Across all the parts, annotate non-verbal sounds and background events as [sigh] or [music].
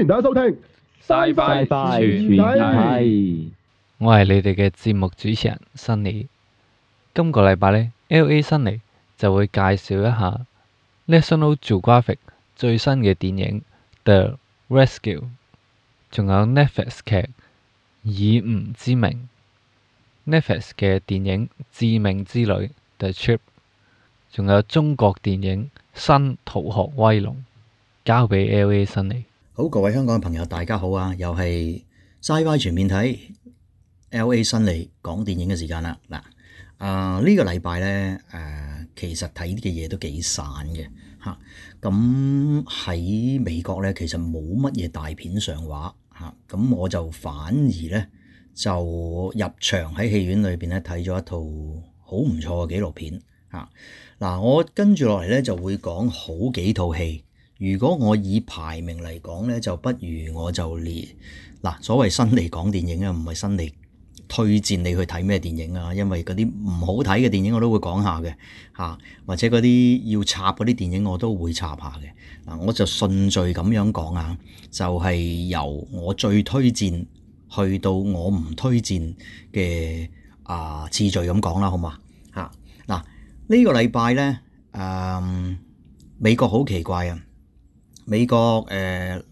歡迎大家收聽《SciFi 全面睇，SciFi 全面睇》，我係你哋嘅節目主持人 Sunny，今個禮拜呢 LA 辛尼就會介紹一下 National Geographic 最新嘅電影《The Rescue》，仲有 Netflix 劇《以吾之名》 [noise] ，Netflix 嘅電影《致命之旅》《The Trip》，仲有中國電影《新逃學威龍》，交俾 LA 辛尼。好，各位香港嘅朋友，大家好啊！又係 SciFi 全面睇 LA 辛尼講電影嘅時間啦。嗱、呃，啊、這、呢個禮拜咧，誒、呃，其實睇啲嘅嘢都幾散嘅吓。咁、啊、喺美國咧，其實冇乜嘢大片上畫吓。咁、啊、我就反而咧就入場喺戲院裏邊咧睇咗一套好唔錯嘅紀錄片吓。嗱、啊，我跟住落嚟咧就會講好幾套戲。如果我以排名嚟講咧，就不如我就列嗱所謂新嚟講電影啊，唔係新嚟推薦你去睇咩電影啊。因為嗰啲唔好睇嘅電影我都會講下嘅嚇，或者嗰啲要插嗰啲電影我都會插下嘅嗱。我就順序咁樣講啊，就係由我最推薦去到我唔推薦嘅啊次序咁講啦，好嘛？嚇嗱呢個禮拜咧，誒美國好奇怪啊！美國誒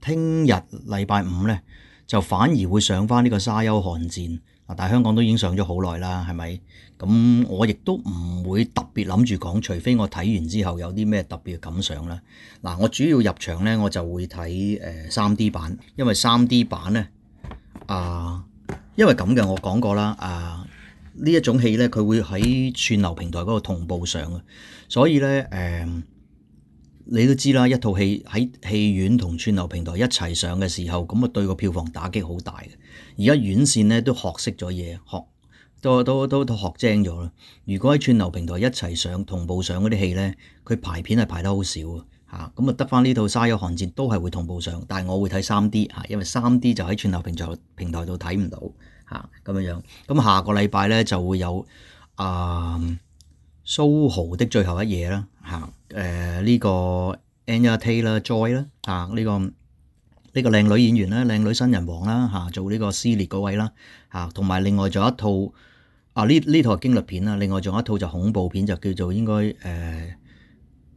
聽日禮拜五咧，就反而會上返呢個沙丘瀚戰啊！但係香港都已經上咗好耐啦，係咪？咁我亦都唔會特別諗住講，除非我睇完之後有啲咩特別嘅感想啦。嗱、呃，我主要入場咧，我就會睇誒 3D 版，因為 3D 版咧啊、呃，因為咁嘅我講過啦啊，呢、呃、一種戲咧佢會喺串流平台嗰個同步上嘅，所以咧誒。呃你都知啦，一套戲喺戲院同串流平台一齊上嘅時候，咁啊對個票房打擊好大嘅。而家院線咧都學識咗嘢，學都都都，都學精咗啦。如果喺串流平台一齊上同步上嗰啲戲咧，佢排片係排得好少啊。嚇，咁啊得返呢套《沙丘瀚戰》都係會同步上，但係我會睇 3D 嚇，啊，因為 3D 就喺串流平台平台度睇唔到嚇咁樣樣。咁下個禮拜咧就會有啊。《蘇豪、so、的最後一夜》啦、啊，嚇、這個啊，誒、這、呢個 Anya Taylor-Joy 啦，嚇、這、呢個呢個靚女演員啦，靚女新人王啦，嚇、啊、做呢個撕裂嗰位啦，嚇同埋另外仲有一套啊呢呢套驚慄片啦，另外仲有一套就恐怖片，就叫做應該誒《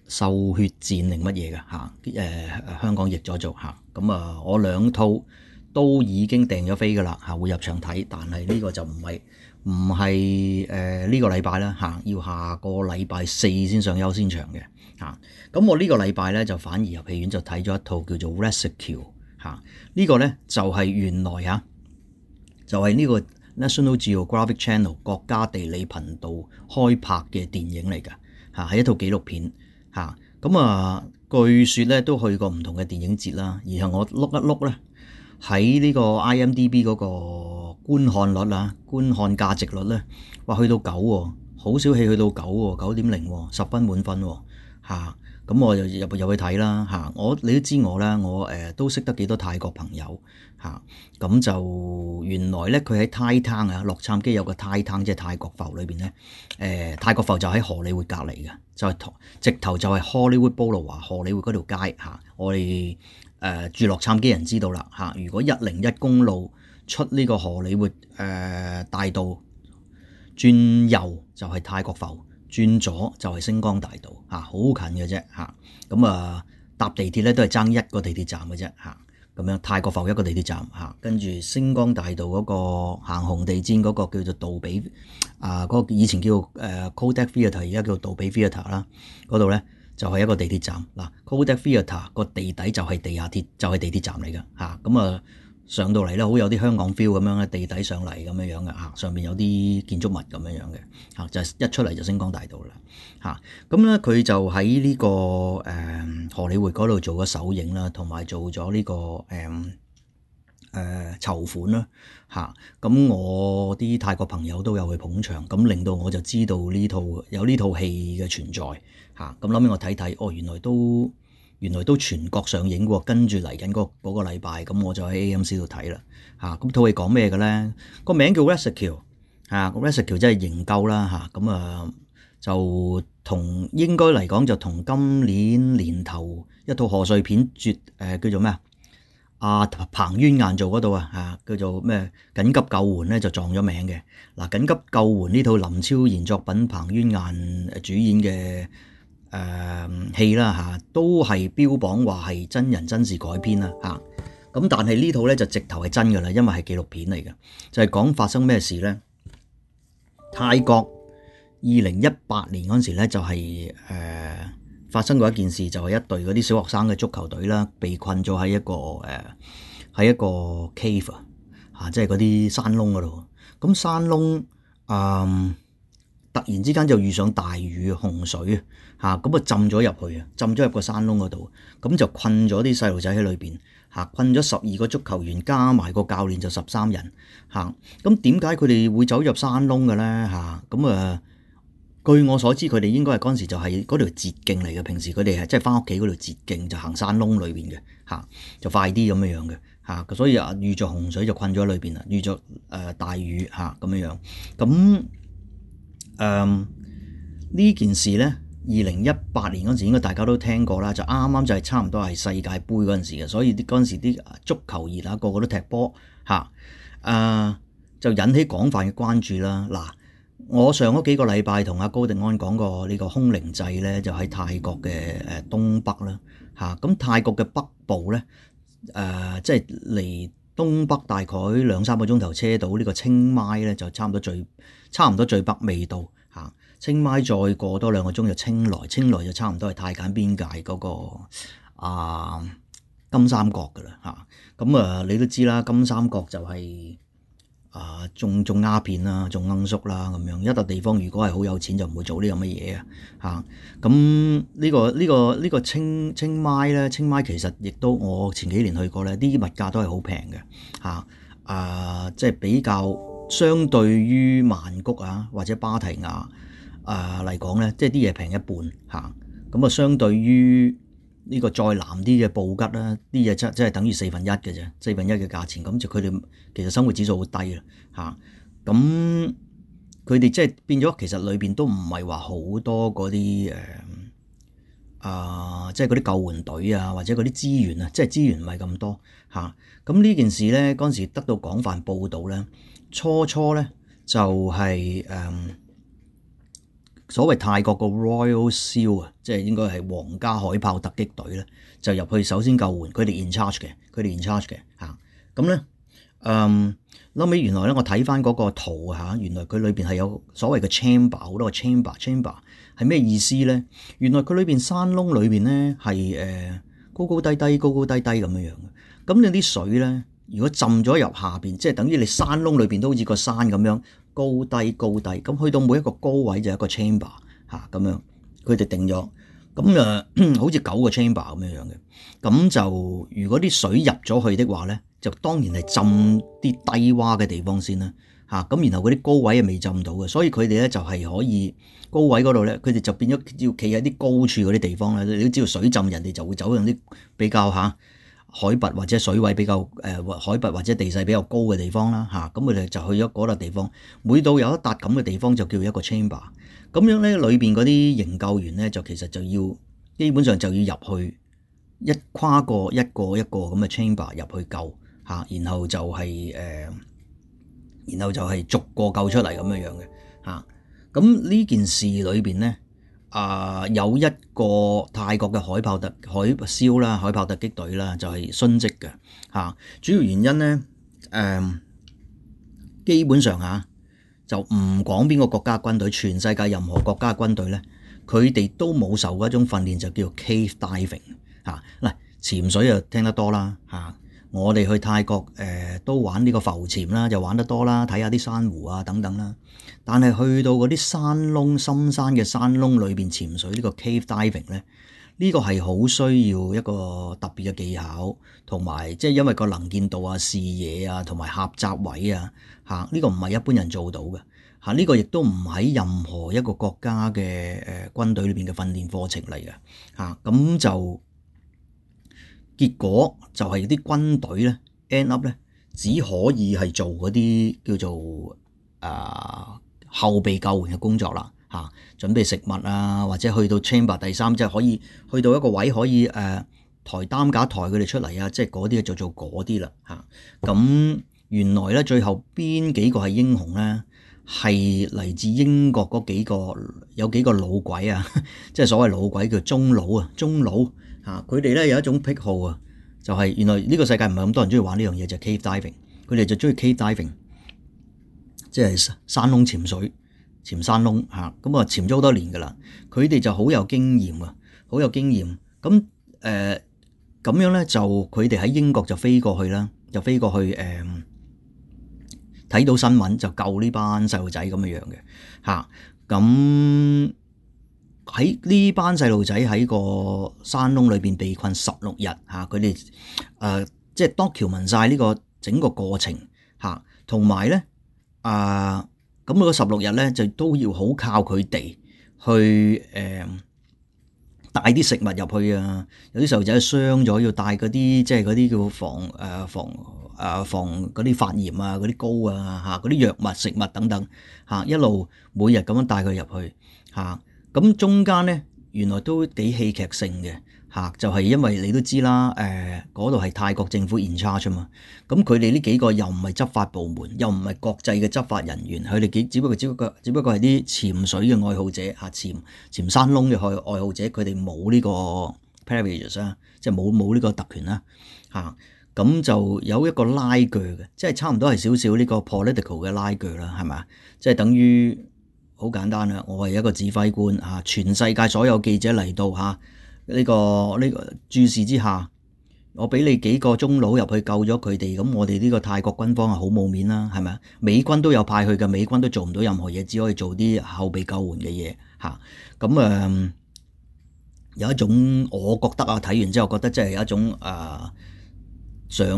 獸、呃、血戰》定乜嘢嘅嚇，誒、呃、香港譯咗做嚇，咁啊,啊我兩套都已經訂咗飛嘅啦，嚇、啊、會入場睇，但係呢個就唔係。唔係誒呢個禮拜啦嚇，要下個禮拜四先上優先場嘅嚇。咁我呢個禮拜咧就反而入戲院就睇咗一套叫做《Rescue》嚇。這個、呢個咧就係、是、原來嚇，就係、是、呢個 National Geographic Channel 國家地理頻道開拍嘅電影嚟㗎嚇，係一套紀錄片嚇。咁啊據說咧都去過唔同嘅電影節啦，然後我碌一碌 o 咧喺呢個 IMDB 嗰、那個。觀看率啦、啊，觀看價值率咧，哇，去到九喎、啊，好少戲去到九喎、啊，九點零喎，十分滿分喎、啊，咁、啊、我就入入去睇啦，嚇、啊！我你都知我啦，我誒、呃、都識得幾多泰國朋友嚇，咁、啊、就原來咧佢喺泰坦啊，洛杉磯有個泰坦，即係泰國埠裏邊咧，誒、呃、泰國埠就喺荷里活隔離嘅，就係、是、直頭就係荷里活 Boulevard，荷里活嗰條街嚇、啊，我哋誒、呃、住洛杉磯人知道啦嚇、啊，如果一零一公路。出呢個荷里活誒、呃、大道轉右就係泰國埠，轉左就係星光大道嚇，好、啊、近嘅啫嚇。咁啊，啊搭地鐵咧都係爭一個地鐵站嘅啫嚇，咁、啊、樣泰國埠一個地鐵站嚇，跟、啊、住星光大道嗰、那個行紅地氈嗰個叫做杜比啊，嗰、啊、個以前叫誒 Kodak Theatre，而家叫杜比 Theatre 啦、啊，嗰度咧就係、是、一個地鐵站嗱、啊、Kodak Theatre 個地底就係地下鐵，就係、是、地鐵、就是、站嚟噶嚇，咁啊。啊上到嚟咧，好有啲香港 feel 咁樣嘅地底上嚟咁樣樣嘅嚇，上面有啲建築物咁樣樣嘅嚇，就係一出嚟就星光大道啦嚇。咁咧佢就喺呢個誒、嗯、荷里活嗰度做個首映啦，同埋做咗呢個誒誒籌款啦嚇。咁我啲泰國朋友都有去捧場，咁令到我就知道呢套有呢套戲嘅存在嚇。咁諗起我睇睇，哦，原來都～原來都全國上映喎，跟住嚟緊嗰嗰個禮拜，咁我就喺 AMC 度睇啦，嚇咁套戲講咩嘅咧？個名叫 Rescue，嚇 Rescue 真係營救啦，嚇咁啊，啊，啊就同應該嚟講就同今年年頭一套賀歲片絕，誒、啊、叫做咩啊？阿彭于晏做嗰度啊，嚇叫做咩緊急救援咧就撞咗名嘅。嗱緊急救援呢套、啊、林超賢作品，彭于晏主演嘅。誒，戲啦吓，都係標榜話係真人真事改編啦吓。咁、嗯、但係呢套咧就直頭係真噶啦，因為係紀錄片嚟嘅，就係、是、講發生咩事咧。泰國二零一八年嗰時咧就係、是、誒、嗯、發生過一件事，就係、是、一隊嗰啲小學生嘅足球隊啦，被困咗喺一個誒喺、呃、一個 cave 吓、啊，即係嗰啲山窿嗰度。咁山窿嗯突然之間就遇上大雨洪水。嚇咁啊！浸咗入去啊！浸咗入個山窿嗰度，咁、嗯、就困咗啲細路仔喺裏邊嚇，困咗十二個足球員加埋個教練就十三人嚇。咁點解佢哋會走入山窿嘅咧嚇？咁、嗯、啊、嗯，據我所知，佢哋應該係嗰陣時就係嗰條捷徑嚟嘅。平時佢哋係即係翻屋企嗰條捷徑就行山窿裏邊嘅嚇，就快啲咁樣樣嘅嚇。所以啊，遇著洪水就困咗喺裏邊啦，遇著誒、呃、大雨嚇咁樣樣。咁誒呢件事咧？二零一八年嗰陣時，應該大家都聽過啦，就啱啱就係差唔多係世界盃嗰陣時嘅，所以啲嗰陣時啲足球熱啦，個個都踢波嚇，誒、啊、就引起廣泛嘅關注啦。嗱、啊，我上嗰幾個禮拜同阿高定安講過呢個空靈祭咧，就喺泰國嘅誒東北啦嚇，咁、啊、泰國嘅北部咧誒，即係離東北大概兩三個鐘頭車到、這個、呢個清邁咧，就差唔多最差唔多最北味道。清邁再過多兩個鐘就清萊，清萊就差唔多係泰柬邊界嗰、那個啊金三角㗎啦嚇。咁啊，你都知啦，金三角就係、是、啊種種鴉片啦，種罌粟啦咁樣。一笪地方如果係好有錢，就唔會做呢咁嘅嘢啊嚇。咁呢、這個呢、這個呢、這個清清邁咧，清邁其實亦都我前幾年去過咧，啲物價都係好平嘅嚇啊，即係比較相對於曼谷啊或者芭提亞啊嚟講咧，即係啲嘢平一半嚇，咁啊，就相對於呢個再南啲嘅布吉啦，啲嘢即真係等於四分一嘅啫，四分一嘅價錢，咁就佢哋其實生活指數好低啦嚇，咁佢哋即係變咗，其實裏邊都唔係話好多嗰啲誒啊，即係嗰啲救援隊啊，或者嗰啲資源,資源啊，即係資源唔係咁多嚇，咁呢件事咧，嗰陣時得到廣泛報道咧，初初咧就係、是、誒。啊所謂泰國個 Royal Seal 啊，即係應該係皇家海豹突擊隊咧，就入去首先救援。佢哋 in charge 嘅，佢哋 in charge 嘅嚇。咁咧，嗯，後尾原來咧，我睇翻嗰個圖嚇，原來佢裏邊係有所謂嘅 chamber，好多個 chamber，chamber 係 ch 咩意思咧？原來佢裏邊山窿裏邊咧係誒高高低低、高高低低咁樣樣嘅。咁你啲水咧，如果浸咗入下邊，即係等於你山窿裏邊都好似個山咁樣。高低高低，咁去到每一個高位就一個 chamber 嚇咁樣，佢哋定咗，咁誒好似九個 chamber 咁樣樣嘅，咁就如果啲水入咗去的話咧，就當然係浸啲低窪嘅地方先啦嚇，咁然後嗰啲高位啊未浸到嘅，所以佢哋咧就係、是、可以高位嗰度咧，佢哋就變咗要企喺啲高處嗰啲地方咧，你都知道水浸人哋就會走向啲比較嚇。海拔或者水位比較誒、呃、海拔或者地勢比較高嘅地方啦嚇，咁佢哋就去咗嗰笪地方。每到有一笪咁嘅地方就叫一個 chamber，咁樣咧裏邊嗰啲營救員咧就其實就要基本上就要入去一跨過一個一個咁嘅 chamber 入去救嚇、啊，然後就係、是、誒、呃，然後就係逐個救出嚟咁樣、啊、這樣嘅嚇。咁呢件事裏邊咧～啊，uh, 有一個泰國嘅海豹特海消啦，海豹突擊隊啦，就係殉職嘅嚇。主要原因咧，誒、嗯，基本上嚇、啊、就唔講邊個國家軍隊，全世界任何國家軍隊咧，佢哋都冇受過一種訓練就叫做 cave diving 嚇、啊、嗱，潛水啊聽得多啦嚇。啊我哋去泰國，誒、呃、都玩呢個浮潛啦，就玩得多啦，睇下啲珊瑚啊等等啦。但係去到嗰啲山窿深山嘅山窿裏邊潛水呢、這個 cave diving 咧，呢個係好需要一個特別嘅技巧，同埋即係因為個能見度啊、視野啊同埋狹窄位啊，嚇、這、呢個唔係一般人做到嘅，嚇、啊、呢、這個亦都唔喺任何一個國家嘅誒、呃、軍隊裏邊嘅訓練課程嚟嘅，嚇、啊、咁就。結果就係啲軍隊咧，end up 咧只可以係做嗰啲叫做誒、呃、後備救援嘅工作啦，嚇，準備食物啊，或者去到 chamber 第三即係可以去到一個位可以誒抬擔架抬佢哋出嚟啊，即係嗰啲就做嗰啲啦，嚇、嗯。咁原來咧最後邊幾個係英雄咧？係嚟自英國嗰幾個有幾個老鬼啊，即係所謂老鬼叫中老啊，中老。啊！佢哋咧有一種癖好啊，就係、是、原來呢個世界唔係咁多人中意玩呢樣嘢，就是、cave diving。佢哋就中意 cave diving，即係山窿潛水、潛山窿嚇。咁、嗯、啊，潛咗好多年噶啦，佢哋就好有經驗啊，好有經驗。咁誒咁樣咧，就佢哋喺英國就飛過去啦，就飛過去誒，睇、嗯、到新聞就救呢班細路仔咁樣嘅嚇。咁、嗯嗯喺呢班細路仔喺個山窿裏邊被困十六日嚇，佢哋誒即係 document 晒呢個整個過程嚇，同埋咧啊咁嗰十六日咧就都要好靠佢哋去誒、啊、帶啲食物入去、就是、啊。有啲細路仔傷咗，要帶嗰啲即係嗰啲叫防誒防誒防嗰啲發炎啊、嗰啲膏啊嚇、嗰、啊、啲藥物、食物等等嚇、啊，一路每日咁樣帶佢入去嚇。啊。咁中間咧，原來都幾戲劇性嘅吓、啊，就係、是、因為你都知啦，誒嗰度係泰國政府 in charge 咋嘛，咁佢哋呢幾個又唔係執法部門，又唔係國際嘅執法人員，佢哋只不過只不過只不過係啲潛水嘅愛好者嚇，潛潛山窿嘅愛愛好者，佢哋冇呢個 privileges 啊，即係冇冇呢個特權啦嚇，咁、啊啊、就有一個拉鋸嘅，即係差唔多係少少呢個 political 嘅拉鋸啦，係咪？即係等於。好簡單啦，我係一個指揮官嚇、啊，全世界所有記者嚟到嚇，呢、啊這個呢、這個注視之下，我俾你幾個鐘佬入去救咗佢哋，咁、啊、我哋呢個泰國軍方係好冇面啦，係咪啊？美軍都有派去嘅，美軍都做唔到任何嘢，只可以做啲後備救援嘅嘢嚇。咁、啊、誒、嗯、有一種我覺得啊，睇完之後覺得真係有一種誒、啊、想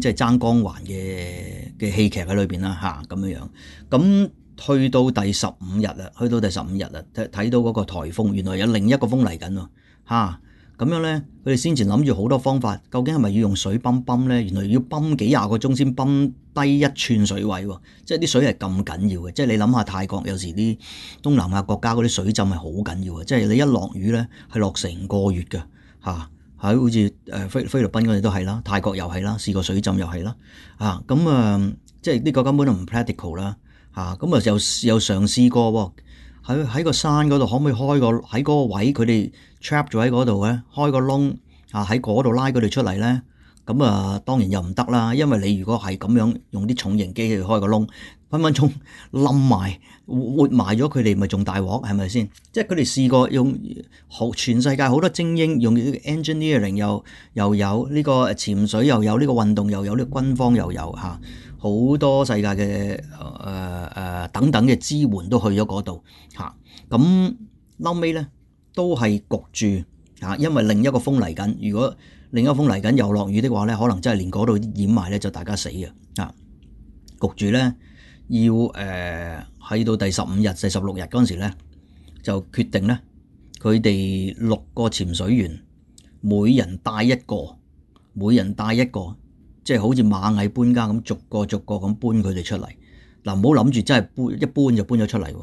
即係爭光環嘅嘅戲劇喺裏邊啦嚇，咁、啊、樣樣咁。啊嗯去到第十五日啦，去到第十五日啦，睇到嗰個颱風，原來有另一個風嚟緊喎。嚇、啊、咁樣咧，佢哋先前諗住好多方法，究竟係咪要用水泵泵咧？原來要泵幾廿個鐘先泵低一寸水位喎、啊，即係啲水係咁緊要嘅。即係你諗下泰國有時啲東南亞國家嗰啲水浸係好緊要嘅，即係你一落雨咧係落成個月㗎嚇。喺好似誒菲菲律賓嗰啲都係啦，泰國又係啦，試過水浸又係啦。啊咁啊，即係呢個根本就唔 practical 啦。啊，咁啊又又嘗試過喎，喺喺個山嗰度可唔可以開個喺嗰位佢哋 trap 咗喺嗰度咧，開個窿啊喺嗰度拉佢哋出嚟咧，咁啊當然又唔得啦，因為你如果係咁樣用啲重型機器去開個窿，分分鐘冧埋活埋咗佢哋，咪仲大鑊係咪先？即係佢哋試過用學全世界好多精英用 engineering 又又有呢個誒潛水又有呢個運動又有呢個軍方又有嚇。啊好多世界嘅誒誒等等嘅支援都去咗嗰度嚇，咁、啊、後尾咧都係焗住嚇，因為另一個風嚟緊，如果另一個風嚟緊又落雨的話咧，可能真係連嗰度掩埋咧就大家死嘅嚇，焗住咧要誒喺、呃、到第十五日、四十六日第十六日嗰陣時咧就決定咧，佢哋六個潛水員每人帶一個，每人帶一個。即係好似螞蟻搬家咁，逐個逐個咁搬佢哋出嚟。嗱，唔好諗住真係搬一搬就搬咗出嚟喎。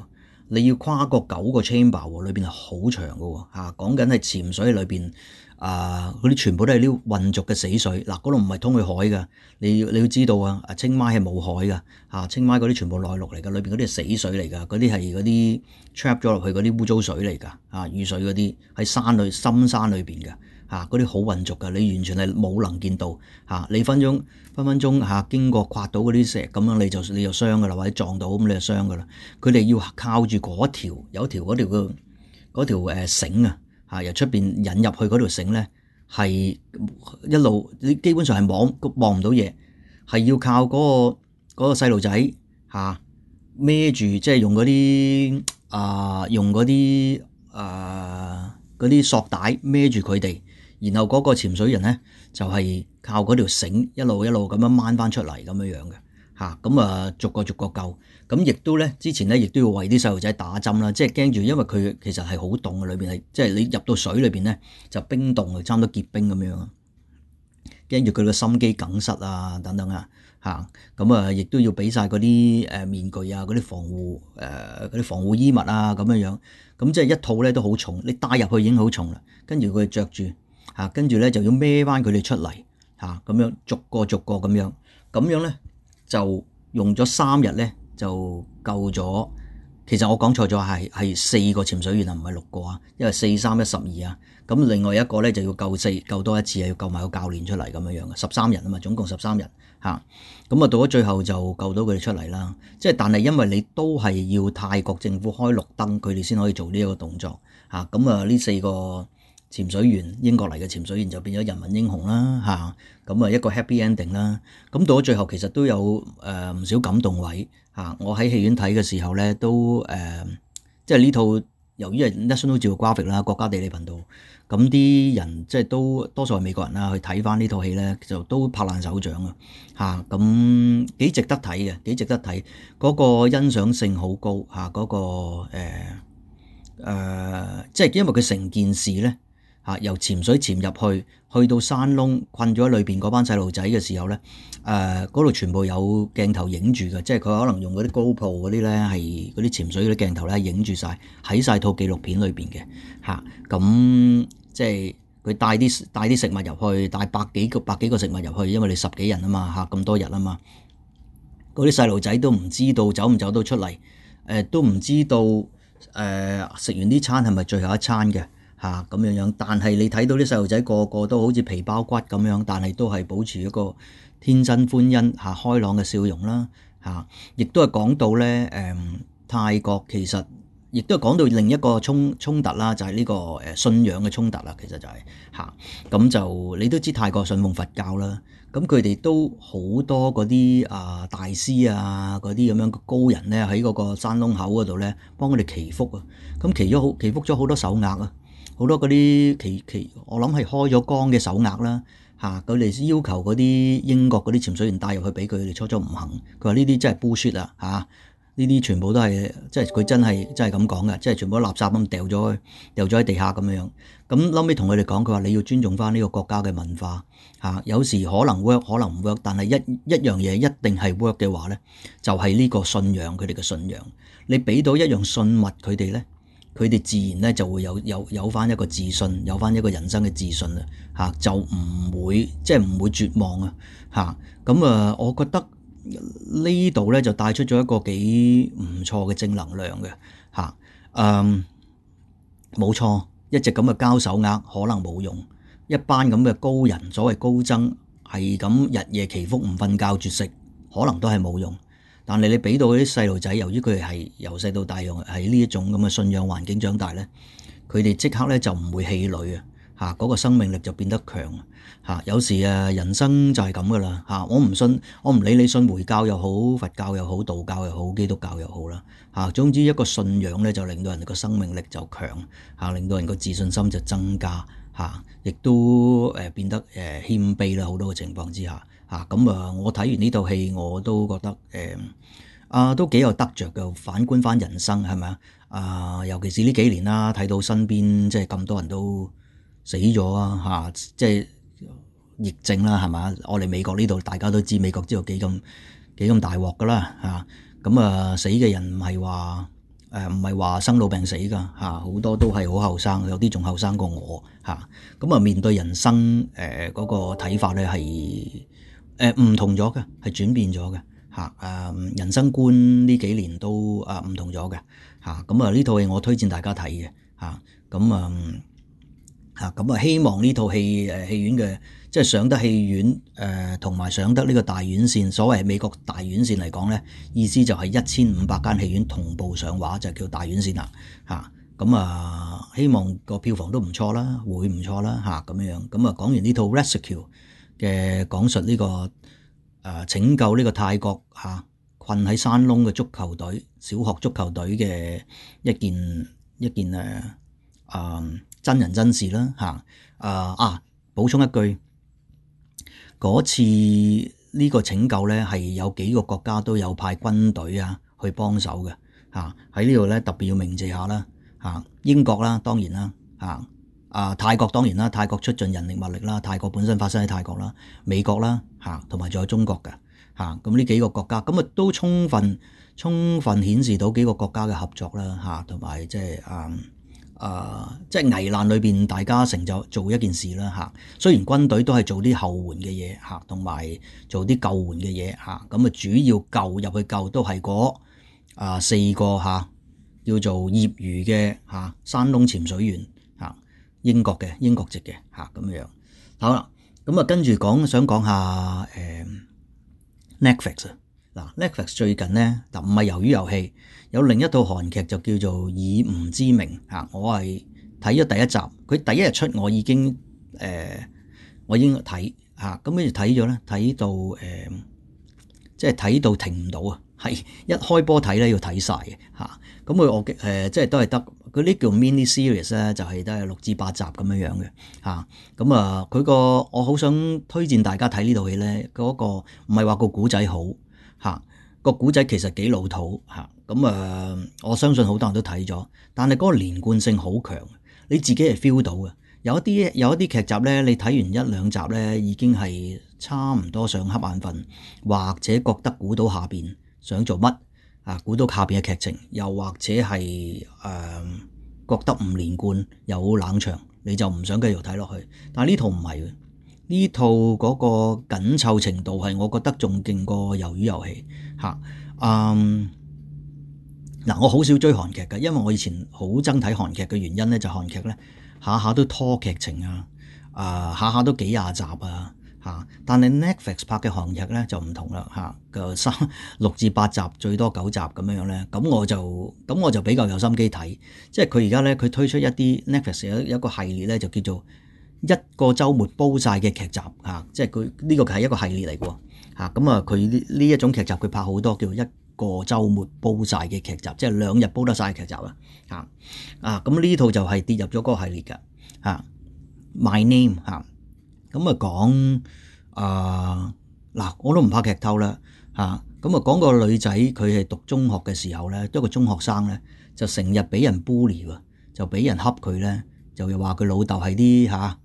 你要跨過九個 chamber 喎，裏邊係好長嘅喎。嚇、呃，講緊係潛水喺裏邊。啊，嗰啲全部都係啲渾濁嘅死水。嗱、呃，嗰度唔係通去海嘅。你要你要知道啊，清邁係冇海嘅。嚇，清邁嗰啲全部內陸嚟嘅，裏邊嗰啲係死水嚟㗎。嗰啲係嗰啲 trap 咗落去嗰啲污糟水嚟㗎。嚇、啊，雨水嗰啲喺山裏深山裏邊嘅。嚇！嗰啲好渾濁嘅，你完全係冇能見到。嚇、啊。你分鐘分分鐘嚇、啊、經過刮到嗰啲石，咁樣你就你就傷噶啦，或者撞到咁你就傷噶啦。佢哋要靠住嗰條有一條嗰條嘅嗰條誒繩啊嚇、啊，由出邊引入去嗰條繩咧，係一路你基本上係望望唔到嘢，係要靠嗰個嗰個細路仔嚇孭住，即係用嗰啲啊用嗰啲誒嗰啲索帶孭住佢哋。然後嗰個潛水人咧就係、是、靠嗰條繩一路一路咁樣掹翻出嚟咁樣樣嘅嚇咁啊，逐個逐個救咁亦都咧之前咧亦都要為啲細路仔打針啦，即係驚住因為佢其實係好凍嘅裏邊係即係你入到水裏邊咧就冰凍啊，差唔多結冰咁樣啊，驚住佢個心肌梗塞啊等等啊嚇咁啊，亦、啊、都要俾晒嗰啲誒面具啊嗰啲防護誒啲防護衣物啊咁樣樣咁即係一套咧都好重，你帶入去已經好重啦，跟住佢着住。嚇，跟住咧就要孭返佢哋出嚟，嚇、啊、咁樣逐個逐個咁樣，咁樣咧就用咗三日咧就救咗。其實我講錯咗，係係四個潛水員啊，唔係六個啊，因為四三一十二啊。咁另外一個咧就要救四救多一次啊，要救埋個教練出嚟咁樣樣嘅十三人啊嘛，總共十三人嚇。咁啊到咗最後就救到佢哋出嚟啦。即、啊、係但係因為你都係要泰國政府開綠燈，佢哋先可以做呢一個動作嚇。咁啊呢、啊、四個。潛水員，英國嚟嘅潛水員就變咗人民英雄啦嚇，咁啊一個 happy ending 啦、啊。咁到咗最後其實都有誒唔、呃、少感動位嚇、啊。我喺戲院睇嘅時候咧都誒，即係呢套由於係 National Geographic 啦，國家地理頻道，咁啲人即係、即係、都多數係美國人啦，去睇翻呢套戲咧就都拍爛手掌啊嚇，咁幾值得睇嘅，幾值得睇嗰、嗰個欣賞性好高嚇嗰、啊嗰個誒即係因為佢成件事咧。嚇！由潛水潛入去，去到山窿困咗喺裏邊嗰班細路仔嘅時候咧，誒嗰度全部有鏡頭影住嘅，即係佢可能用嗰啲 GoPro 嗰啲咧，係嗰啲潛水啲鏡頭咧影住晒，喺晒套紀錄片裏邊嘅嚇。咁、啊、即係佢帶啲帶啲食物入去，帶百幾個百幾個食物入去，因為你十幾人啊嘛嚇，咁多日啊嘛，嗰啲細路仔都唔知道走唔走到出嚟，誒、呃、都唔知道誒食、呃、完啲餐係咪最後一餐嘅。啊，咁樣樣，但係你睇到啲細路仔個個都好似皮包骨咁樣，但係都係保持一個天真歡欣吓、啊、開朗嘅笑容啦。吓、啊，亦都係講到咧，誒、嗯，泰國其實亦都係講到另一個衝衝突啦，就係、是、呢個誒信仰嘅衝突啦。其實就係吓咁就你都知泰國信奉佛教啦，咁佢哋都好多嗰啲啊大師啊嗰啲咁樣高人咧喺嗰個山窿口嗰度咧，幫佢哋祈福啊。咁祈咗好祈福咗好多手額啊！好多嗰啲其其，我諗係開咗光嘅手鈪啦嚇，佢、啊、哋要求嗰啲英國嗰啲潛水員帶入去俾佢哋，初初唔行，佢話呢啲真係 bullshit 啊嚇，呢啲全部都係即係佢真係真係咁講嘅，即係全部垃圾咁掉咗，掉咗喺地下咁樣。咁、啊、後尾同佢哋講，佢話你要尊重翻呢個國家嘅文化嚇、啊，有時可能 work 可能唔 work，但係一一樣嘢一定係 work 嘅話咧，就係、是、呢個信仰佢哋嘅信仰。你俾到一樣信物佢哋咧。佢哋自然咧就會有有有翻一個自信，有翻一個人生嘅自信啦嚇、啊，就唔會即係唔會絕望啊嚇。咁啊，我覺得呢度咧就帶出咗一個幾唔錯嘅正能量嘅嚇、啊。嗯，冇錯，一直咁嘅交手額可能冇用，一班咁嘅高人所謂高僧係咁日夜祈福唔瞓覺絕食，可能都係冇用。但係你俾到嗰啲細路仔，由於佢係由細到大用喺呢一種咁嘅信仰環境長大咧，佢哋即刻咧就唔會氣餒啊，嚇、那、嗰個生命力就變得強，嚇，有時誒人生就係咁噶啦，嚇，我唔信，我唔理你信回教又好，佛教又好，道教又好，基督教又好啦，嚇，總之一個信仰咧就令到人個生命力就強，嚇，令到人個自信心就增加，嚇，亦都誒變得誒謙卑啦好多嘅情況之下。啊，咁啊，我睇完呢套戲，我都覺得誒、嗯、啊，都幾有得着嘅。反觀翻人生係咪啊？啊，尤其是呢幾年啦，睇到身邊即係咁多人都死咗啊！嚇，即係疫症啦，係咪？我哋美國呢度大家都知，美國知道幾咁幾咁大鑊噶啦嚇。咁啊，啊，死嘅人唔係話誒唔係話生老病死噶嚇，好、啊、多都係好後生，有啲仲後生過我嚇。咁啊，啊，啊，面對人生誒嗰、啊那個睇法咧係。誒唔同咗嘅，係轉變咗嘅嚇誒人生觀呢幾年都啊唔同咗嘅嚇咁啊呢套戲我推薦大家睇嘅嚇咁啊嚇咁啊希望呢套戲誒戲院嘅即係上得戲院誒同埋上得呢個大院線，所謂美國大院線嚟講咧，意思就係一千五百間戲院同步上畫就叫大院線啦嚇咁啊希望個票房都唔錯啦，會唔錯啦嚇咁樣咁啊講完呢套 Rescue。Re 嘅講述呢、這個誒、呃、拯救呢個泰國嚇、啊、困喺山窿嘅足球隊、小學足球隊嘅一件一件誒誒、呃、真人真事啦嚇誒啊，啊補充一句嗰次呢個拯救咧係有幾個國家都有派軍隊啊去幫手嘅嚇，喺呢度咧特別要銘謝下啦嚇、啊、英國啦當然啦嚇。啊啊！泰國當然啦，泰國出盡人力物力啦，泰國本身發生喺泰國啦，美國啦嚇，同埋仲有中國嘅嚇，咁呢幾個國家咁啊都充分充分顯示到幾個國家嘅合作啦嚇，同埋即係啊啊即係危難裏邊大家成就做一件事啦嚇。雖然軍隊都係做啲後援嘅嘢嚇，同埋做啲救援嘅嘢嚇，咁啊主要救入去救都係個啊四個嚇叫做業餘嘅嚇山洞潛水員。英國嘅英國籍嘅嚇，咁樣好，好啦，咁啊跟住講想講下誒、嗯、Netflix 啊，嗱、嗯、Netflix 最近咧嗱，唔係魷魚遊戲，有另一套韓劇就叫做《以吾之名》啊、嗯，我係睇咗第一集，佢第一日出我已經誒、嗯、我已經睇嚇，咁跟住睇咗咧睇到誒、嗯，即係睇到停唔到啊，係一開波睇咧要睇晒嘅嚇，咁佢我誒即係都係得。佢呢叫 mini series 咧，就係都係六至八集咁樣樣嘅嚇。咁啊，佢個我好想推薦大家睇呢套戲咧。嗰個唔係話個古仔好嚇，個古仔其實幾老土嚇。咁啊，我相信好多人都睇咗，但係嗰個連貫性好強，你自己係 feel 到嘅。有一啲有一啲劇集咧，你睇完一兩集咧，已經係差唔多上瞌眼瞓，或者覺得估到下邊想做乜。啊！估到下邊嘅劇情，又或者係誒、呃、覺得唔連貫，又好冷場，你就唔想繼續睇落去。但係呢套唔係嘅，呢套嗰個緊湊程度係我覺得仲勁過《魷魚遊戲》嚇。嗯，嗱、呃，我好少追韓劇嘅，因為我以前好憎睇韓劇嘅原因咧，就係、韓劇咧下下都拖劇情啊，啊下下都幾廿集啊。嚇！但係 Netflix 拍嘅韓劇咧就唔同啦嚇，個、啊、三六至八集最多九集咁樣樣咧，咁我就咁我就比較有心機睇，即係佢而家咧佢推出一啲 [music] Netflix 有一個系列咧就叫做一個週末煲晒嘅劇集嚇、啊，即係佢呢個係一個系列嚟㗎嚇，咁啊佢呢一種劇集佢拍好多叫一個週末煲晒嘅劇集，即係兩日煲得晒劇集啊嚇啊！咁、啊、呢、嗯、套就係跌入咗嗰個系列㗎嚇、啊、My Name 嚇、啊。咁啊，講啊嗱，我都唔怕劇透啦嚇。咁啊，講個女仔，佢係讀中學嘅時候咧，一個中學生咧，就成日俾人 bully 喎，就俾人恰佢咧，就又話佢老豆係啲吓，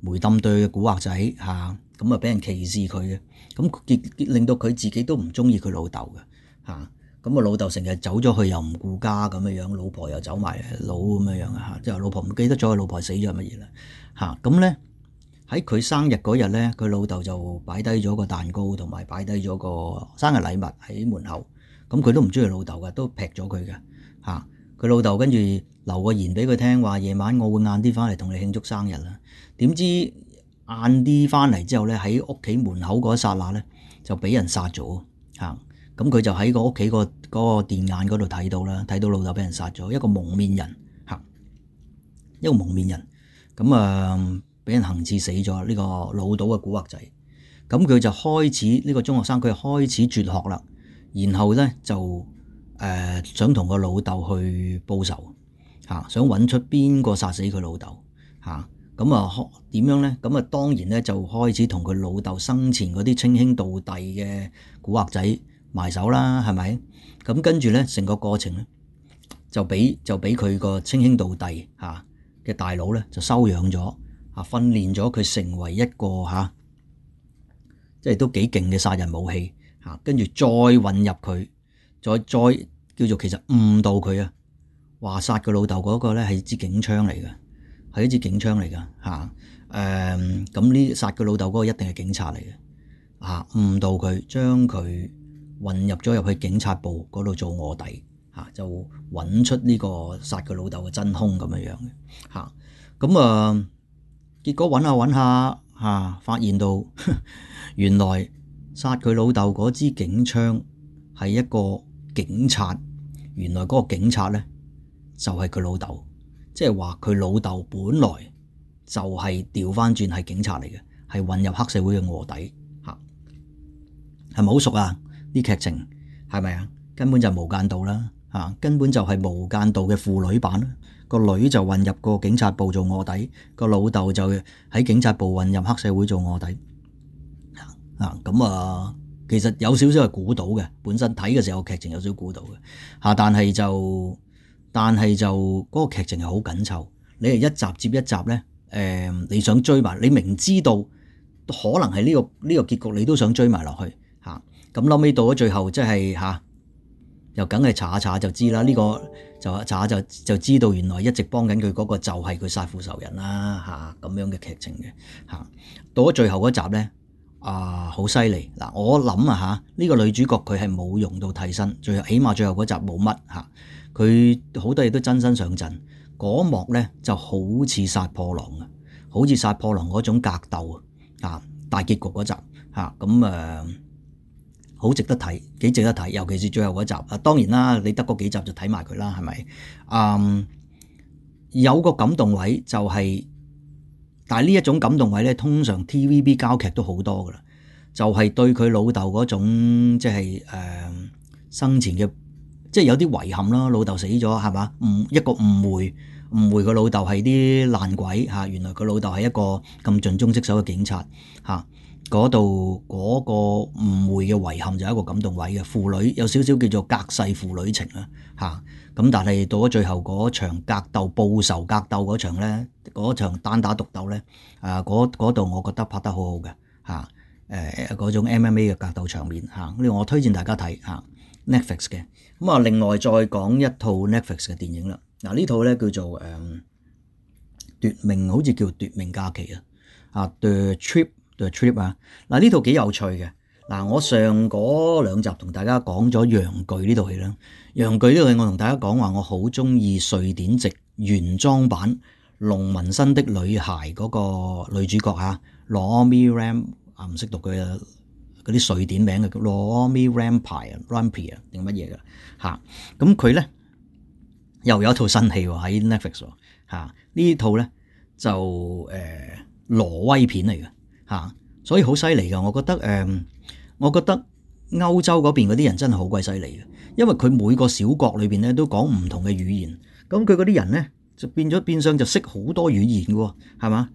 梅冧隊嘅古惑仔吓，咁啊俾、啊、人歧視佢嘅，咁令到佢自己都唔中意佢老豆嘅吓，咁啊，老豆成日走咗去，又唔顧家咁嘅樣，老婆又走埋佬咁嘅樣吓，即係老婆唔記得咗，佢老婆死咗係乜嘢啦吓，咁、啊、咧。啊啊啊啊啊啊喺佢生日嗰日咧，佢老豆就擺低咗個蛋糕，同埋擺低咗個生日禮物喺門口。咁佢都唔中意老豆嘅，都劈咗佢嘅嚇。佢老豆跟住留個言俾佢聽，話夜晚我會晏啲翻嚟同你慶祝生日啦。點知晏啲翻嚟之後咧，喺屋企門口嗰一剎那咧就俾人殺咗嚇。咁、啊、佢就喺個屋企個嗰個電眼嗰度睇到啦，睇到老豆俾人殺咗，一個蒙面人嚇，一個蒙面人咁啊。俾人行刺死咗呢、呢個老豆嘅古惑仔，咁佢就開始呢、呢個中學生，佢開始絕學啦。然後呢，就誒、呃、想同個老豆去報仇嚇，想揾出邊個殺死佢老豆嚇。咁啊點、啊、樣呢？咁啊當然呢，就開始同佢老豆生前嗰啲稱兄道弟嘅古惑仔埋手啦，係咪？咁、啊、跟住呢，成個過程呢，就俾就俾佢個稱兄道弟嚇嘅大佬呢，就收養咗。嚇訓練咗佢成為一個嚇、啊，即係都幾勁嘅殺人武器嚇。跟、啊、住再混入佢，再再叫做其實誤導佢啊，話殺佢老豆嗰個咧係支警槍嚟嘅，係一支警槍嚟嘅嚇。誒咁呢殺佢老豆嗰個一定係警察嚟嘅啊，誤導佢將佢混入咗入去警察部嗰度做卧底嚇、啊，就揾出呢個殺佢老豆嘅真兇咁樣樣嘅嚇。咁啊～、嗯啊結果揾下揾下，吓、啊、發現到，原來殺佢老豆嗰支警槍係一個警察，原來嗰個警察呢，就係佢老豆，即係話佢老豆本來就係調翻轉係警察嚟嘅，係混入黑社會嘅臥底，吓係咪好熟啊？啲劇、啊、情係咪啊？根本就無間道啦，吓根本就係無間道嘅父女版啦。個女就混入個警察部做臥底，個老豆就喺警察部混入黑社會做臥底。啊、嗯，咁、嗯、啊，其實有少少係估到嘅，本身睇嘅時候劇情有少估到嘅。吓、嗯，但係就但係就嗰、嗰個劇情係好緊湊，你係一集接一集呢，誒、嗯，你想追埋，你明知道可能係呢、呢個呢、呢個結局，你都想追埋落去。吓、嗯，咁、嗯、後尾到咗最後，即係吓。嗯又梗係查、啊、查就知啦，呢個就查、啊、就就知道原來一直幫緊佢嗰個就係佢殺父仇人啦嚇，咁樣嘅劇情嘅嚇、啊。到咗最後嗰集呢，啊，好犀利嗱！我諗啊嚇，呢個女主角佢係冇用到替身，最起碼最後嗰集冇乜嚇。佢、啊、好多嘢都真身上陣，嗰幕呢就好似殺破狼嘅，好似殺破狼嗰種格鬥啊！大結局嗰集嚇咁啊～啊好值得睇，幾值得睇，尤其是最後嗰一集。啊，當然啦，你得嗰幾集就睇埋佢啦，係咪？嗯、um，有個感動位就係、是，但係呢一種感動位咧，通常 TVB 交劇都好多㗎喇，就係、是、對佢老豆嗰種即係誒、uh, 生前嘅，即係有啲遺憾啦。老豆死咗係嘛？誤一個誤會，誤會個老豆係啲爛鬼嚇、啊。原來佢老豆係一個咁盡忠職守嘅警察嚇。啊嗰度嗰個誤會嘅遺憾就係一個感動位，嘅父女有少少叫做隔世父女情啦嚇，咁，但係到咗最後嗰場格鬥報仇格鬥嗰場咧，嗰場單打獨鬥咧啊，嗰度，我覺得拍得好好嘅嚇，誒嗰種 MMA 嘅格鬥場面嚇，呢、啊、我推薦大家睇嚇、啊、Netflix 嘅咁啊，另外再講一套 Netflix 嘅電影啦，嗱、啊、呢套咧叫做誒、嗯、奪命，好似叫奪命假期啊、啊 The Trip。對 trip 啊！嗱，呢套幾有趣嘅嗱，我上嗰兩集同大家講咗《羊具》呢套戲啦，《羊具》呢套戲我同大家講話，我好中意瑞典籍原裝版《龍紋身的女孩》嗰、那個女主角啊，Lomi Ram 啊唔識讀佢嗰啲瑞典名嘅 Lomi Rampe 啊，Rampier 定乜嘢嘅吓，咁佢咧又有一套新戲喎喺 Netflix 喎、啊、嚇呢套咧就誒挪、呃、威片嚟嘅。嚇、啊！所以好犀利噶，我覺得誒、嗯，我覺得歐洲嗰邊嗰啲人真係好鬼犀利嘅，因為佢每個小國裏邊咧都講唔同嘅語言，咁佢嗰啲人咧就變咗變相就識好多語言嘅喎，係嘛？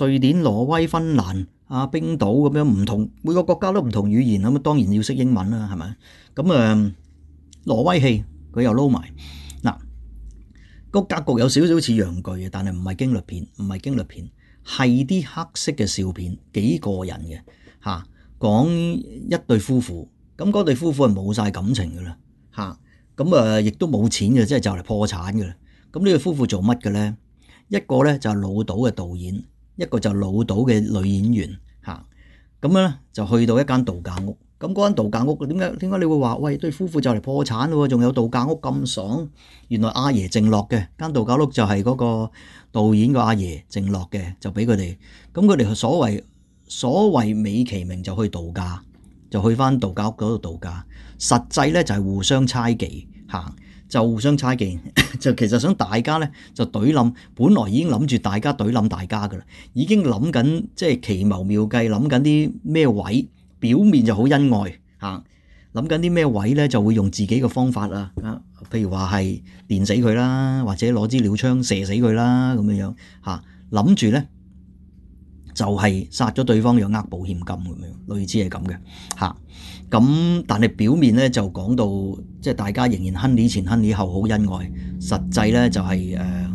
瑞典、挪威、芬蘭、啊冰島咁樣唔同每個國家都唔同語言咁啊，當然要識英文啦，係咪？咁誒、嗯，挪威戲佢又撈埋嗱，個格局有少少似洋劇嘅，但係唔係驚慄片，唔係驚慄片。係啲黑色嘅笑片，幾過癮嘅嚇。講一對夫婦，咁嗰對夫婦係冇晒感情噶啦嚇，咁啊亦都冇錢嘅，即係就嚟、是、破產噶啦。咁呢對夫婦做乜嘅咧？一個咧就係老道嘅導演，一個就老道嘅女演員嚇。咁咧就去到一間度假屋。咁嗰間度假屋，點解，點解你會話喂，對夫婦就嚟破產喎？仲有度假屋咁爽，原來阿爺靜落嘅間度假屋就係嗰個導演個阿爺靜落嘅就俾佢哋。咁佢哋所謂所謂美其名就去度假，就去翻度假屋嗰度度假。實際咧就係、是、互相猜忌，行就互相猜忌， [laughs] 就其實想大家咧就懟冧。本來已經諗住大家懟冧大家噶啦，已經諗緊即係奇謀妙計，諗緊啲咩位。表面就好恩愛嚇，諗緊啲咩位咧，就會用自己嘅方法啊，譬如話係練死佢啦，或者攞支鳥槍射死佢啦咁樣樣嚇，諗住咧就係、是、殺咗對方又呃保險金咁樣，類似係咁嘅嚇。咁但係表面咧就講到即係大家仍然 Honey 前 Honey 後好恩愛，實際咧就係、是、誒、呃、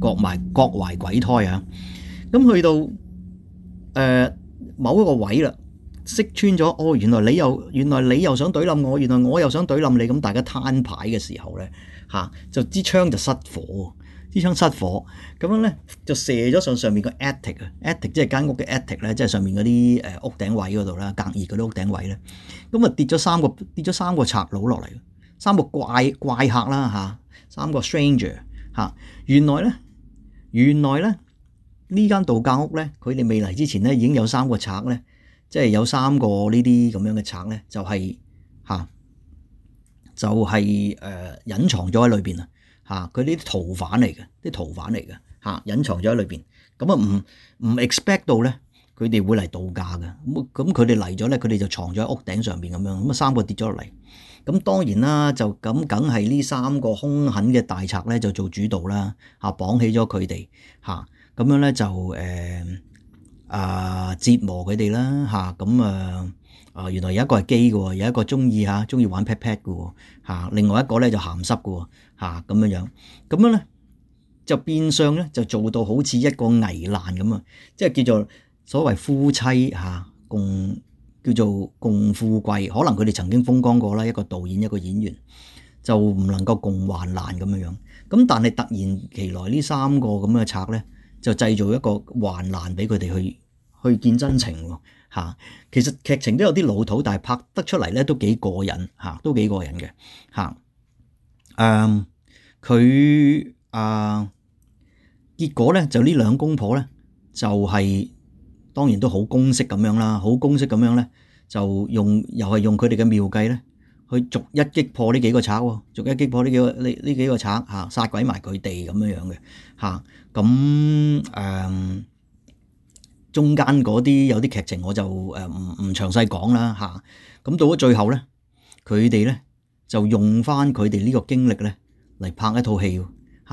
各埋各懷鬼胎啊。咁去到誒、呃、某一個位啦。識穿咗，哦，原來你又原來你又想對冧我，原來我又想對冧你，咁大家攤牌嘅時候咧，嚇就支槍就失火，支槍失火，咁樣咧就射咗上上面個 attic 啊，attic 即係間屋嘅 attic 咧，即係上面嗰啲誒屋頂位嗰度啦，隔熱嗰啲屋頂位咧，咁啊跌咗三個跌咗三個賊佬落嚟，三個怪怪客啦吓，三個 stranger 嚇，啊，原來咧原來咧呢間度假屋咧，佢哋未嚟之前咧已經有三個賊咧。即係有三個呢啲咁樣嘅賊咧，就係、是、嚇、啊，就係誒隱藏咗喺裏邊啦嚇。佢呢啲逃犯嚟嘅，啲逃犯嚟嘅嚇，隱藏咗喺裏邊。咁啊唔唔、啊、expect 到咧，佢哋會嚟度假嘅。咁咁佢哋嚟咗咧，佢哋就藏咗喺屋頂上邊咁樣。咁啊三個跌咗落嚟。咁、啊、當然啦，就咁梗係呢三個兇狠嘅大賊咧，就做主導啦嚇、啊，綁起咗佢哋嚇。咁、啊、樣咧就誒。呃啊、呃！折磨佢哋啦嚇，咁啊啊，啊！原來有一個係 gay 嘅，有一個中意嚇，中、啊、意玩劈 pat 嘅嚇，另外一個咧就鹹濕嘅嚇，咁、啊、樣樣，咁樣咧就變相咧就做到好似一個危難咁啊！即係叫做所謂夫妻嚇、啊、共叫做共富貴，可能佢哋曾經風光過啦，一個導演一個演員就唔能夠共患難咁樣樣。咁但係突然其來呢三個咁嘅賊咧，就製造一個患難俾佢哋去。去見真情喎、啊、其實劇情都有啲老土，但係拍得出嚟咧都幾過癮嚇、啊，都幾過癮嘅嚇。誒、啊、佢啊，結果咧就呢兩公婆咧，就係、就是、當然都好公式咁樣啦，好公式咁樣咧，就用又係用佢哋嘅妙計咧，去逐一擊破呢幾，幾個賊，逐一擊破呢幾個呢呢幾個賊嚇，殺鬼埋佢哋咁樣樣嘅嚇。咁、啊、誒。啊啊中間嗰啲有啲劇情我就誒唔唔詳細講啦嚇。咁、啊、到咗最後咧，佢哋咧就用翻佢哋呢個經歷咧嚟拍一套戲嚇、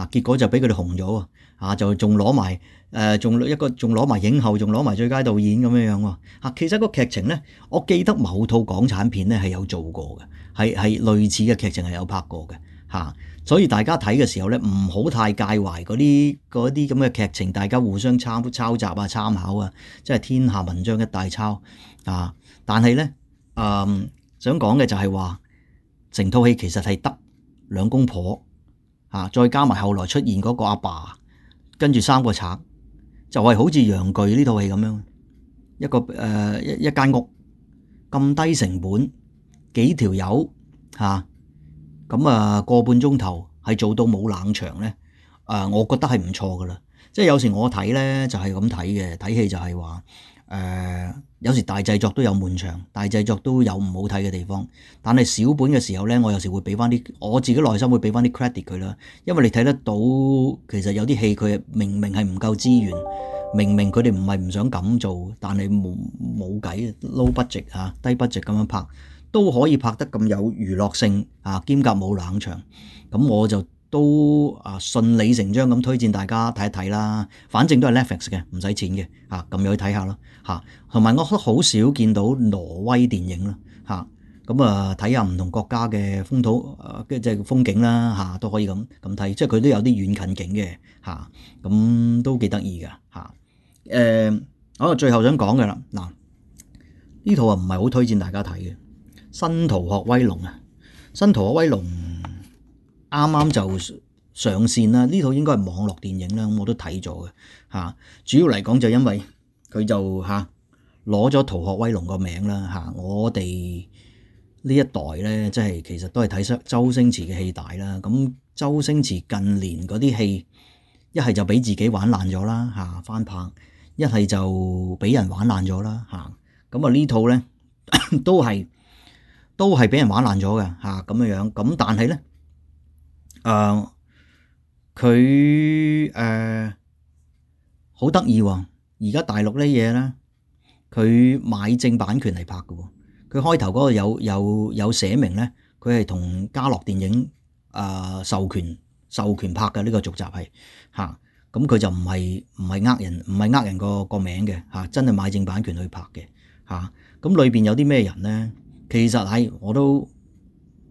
啊，結果就俾佢哋紅咗喎嚇，就仲攞埋誒，仲一個仲攞埋影后，仲攞埋最佳導演咁樣樣喎、啊、其實個劇情咧，我記得某套港產片咧係有做過嘅，係係類似嘅劇情係有拍過嘅嚇。啊所以大家睇嘅時候咧，唔好太介懷嗰啲啲咁嘅劇情，大家互相參抄襲啊、參考啊，即係天下文章一大抄啊！但係咧，誒、嗯、想講嘅就係話，成套戲其實係得兩公婆啊，再加埋後來出現嗰個阿爸、爸，跟住三個賊，就係、是、好似《楊據》呢套戲咁樣，一個誒、呃、一一間屋咁低成本，幾條友嚇。啊。咁啊，個、嗯、半鐘頭係做到冇冷場呢，啊、呃，我覺得係唔錯噶啦。即係有時我睇呢，就係咁睇嘅，睇戲就係話，誒、呃、有時大製作都有悶場，大製作都有唔好睇嘅地方。但係小本嘅時候呢，我有時會俾翻啲我自己內心會俾翻啲 credit 佢啦。因為你睇得到，其實有啲戲佢明明係唔夠資源，明明佢哋唔係唔想咁做，但係冇冇計，low budget、啊、低 budget 咁樣拍。都可以拍得咁有娛樂性啊，兼夾冇冷場，咁我就都啊順理成章咁推薦大家睇一睇啦。反正都係 Netflix 嘅，唔使錢嘅啊，咁去睇下啦嚇。同、啊、埋我都好少見到挪威電影啦嚇，咁啊睇下唔同國家嘅風土、啊、即係風景啦嚇、啊、都可以咁咁睇，即係佢都有啲遠近景嘅嚇，咁、啊啊、都幾得意噶嚇。誒、啊，我、啊、最後想講嘅啦，嗱呢套啊唔係好推薦大家睇嘅。新逃學威龍啊！新逃學威龍啱啱就上線啦，呢套應該係網絡電影啦，咁我都睇咗嘅吓。主要嚟講就因為佢就吓攞咗逃學威龍個名啦吓、啊，我哋呢一代咧，即係其實都係睇周周星馳嘅戲大啦。咁、啊、周星馳近年嗰啲戲，一係就俾自己玩爛咗啦吓，翻拍；一係就俾人玩爛咗啦吓。咁啊，啊套呢套咧 [laughs] 都係。都係俾人玩爛咗嘅嚇，咁樣樣咁，但係咧，誒佢誒好得意喎。而家、呃啊、大陸呢嘢咧，佢買正版權嚟拍嘅。佢開頭嗰個有有有寫明咧，佢係同嘉樂電影誒、呃、授權授權拍嘅呢、呢個續集係嚇。咁、啊、佢就唔係唔係呃人，唔係呃人個個名嘅嚇、啊，真係買正版權去拍嘅嚇。咁裏邊有啲咩人咧？其實係我都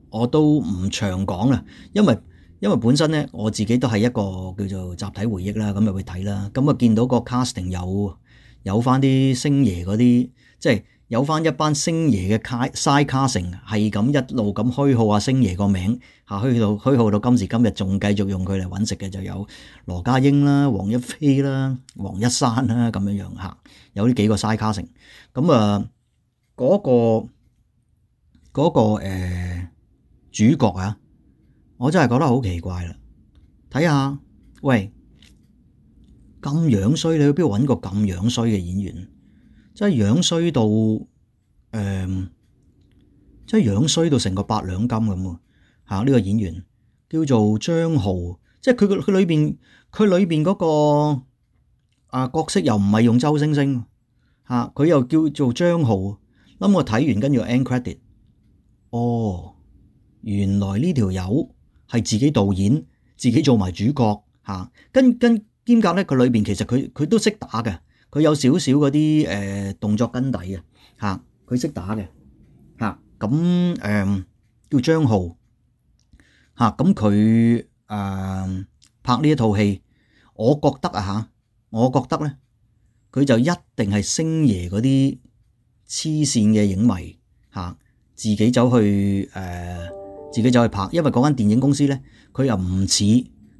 我都唔長講啦，因為因為本身咧我自己都係一個叫做集體回憶啦，咁咪去睇啦。咁啊見到個 casting 有有返啲星爺嗰啲，即係有返一班星爺嘅 size casting 係咁一路咁虛耗啊星爺個名吓、啊、虛到虛耗到今時今日仲繼續用佢嚟揾食嘅就有羅家英啦、黃一飛啦、黃一山啦咁樣樣吓，有呢幾個 size casting、啊。咁啊嗰個。嗰個呃主角啊，我真係覺得好奇怪啦。睇下，喂咁樣衰，你去邊度揾個咁樣衰嘅演員？真係樣衰到誒，即係樣衰到成個八兩金咁啊！呢個演員叫做張浩，即係佢佢裏邊佢裏邊嗰個啊角色又唔係用周星星啊，佢又叫做張浩。噉我睇完跟住 end credit。哦，原來呢條友係自己導演，自己做埋主角吓、啊，跟跟兼夾咧，佢裏邊其實佢佢都識打嘅，佢有少少嗰啲誒動作根底嘅吓，佢、啊、識打嘅吓。咁、啊、誒、嗯、叫張浩吓，咁佢誒拍呢一套戲，我覺得啊吓，我覺得咧佢就一定係星爺嗰啲黐綫嘅影迷吓。啊自己走去誒、呃，自己走去拍，因為嗰間電影公司咧，佢又唔似，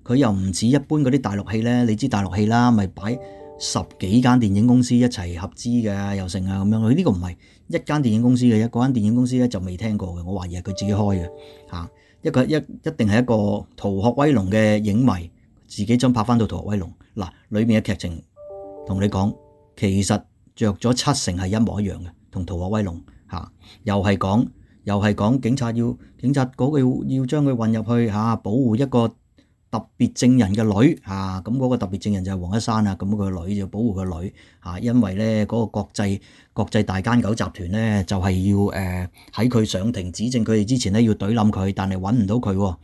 佢又唔似一般嗰啲大陸戲咧。你知大陸戲啦，咪擺十幾間電影公司一齊合資嘅，又成啊咁樣。佢、這、呢個唔係一間電影公司嘅啫，嗰間電影公司咧就未聽過嘅。我懷疑係佢自己開嘅嚇、啊，一個一一定係一個《逃學威龍》嘅影迷自己想拍翻到《逃學威龍》嗱，裏面嘅劇情同你講，其實着咗七成係一模一樣嘅，同《逃學威龍》。嚇！又係講，又係講警察要警察局要察要將佢運入去嚇、啊，保護一個特別證人嘅女嚇。咁、啊、嗰、那個特別證人就係黃一山啊，咁佢嘅女就保護佢女嚇、啊。因為咧嗰、那個國際國際大奸狗集團咧就係、是、要誒喺佢上庭指證佢哋之前咧要懟冧佢，但係揾唔到佢喎。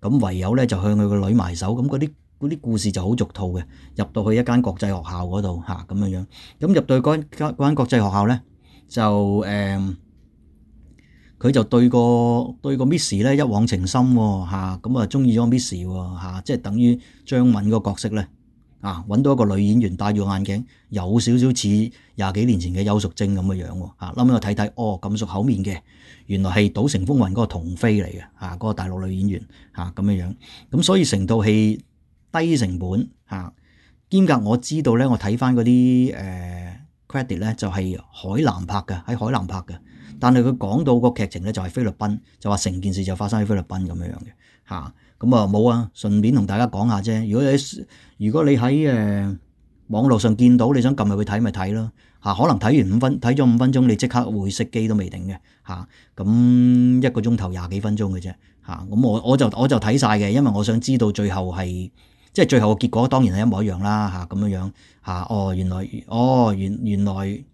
咁唯有咧就向佢個女埋手，咁嗰啲啲故事就好俗套嘅，入到去一間國際學校嗰度嚇咁樣樣。咁入到嗰間嗰間國際學校咧。啊就誒，佢、嗯、就對個對個 Miss 咧一往情深喎，咁啊中意咗 Miss 喎，即係等於張敏個角色咧啊，揾到一個女演員戴住個眼鏡，有少少似廿幾年前嘅邱淑貞咁嘅樣喎嚇，咁我睇睇哦咁熟口面嘅，原來係《賭城風雲》嗰個童飛嚟嘅嚇，嗰、那個大陸女演員嚇咁嘅樣，咁、啊、所以成套戲低成本嚇、啊，兼夾我知道咧，我睇翻嗰啲誒。啊 credit 咧就係、是、海南拍嘅，喺海南拍嘅。但係佢講到個劇情咧就係、是、菲律賓，就話成件事就發生喺菲律賓咁樣嘅嚇。咁啊冇啊，順便同大家講下啫。如果你如果你喺誒、呃、網絡上見到，你想撳入去睇咪睇咯嚇。可能睇完五分，睇咗五分鐘，你即刻會熄機都未定嘅嚇。咁、啊、一個鐘頭廿幾分鐘嘅啫嚇。咁、啊、我我就我就睇晒嘅，因為我想知道最後係。即係最後嘅結果，當然係一模一樣啦，吓咁樣樣，吓哦，原來哦，原原來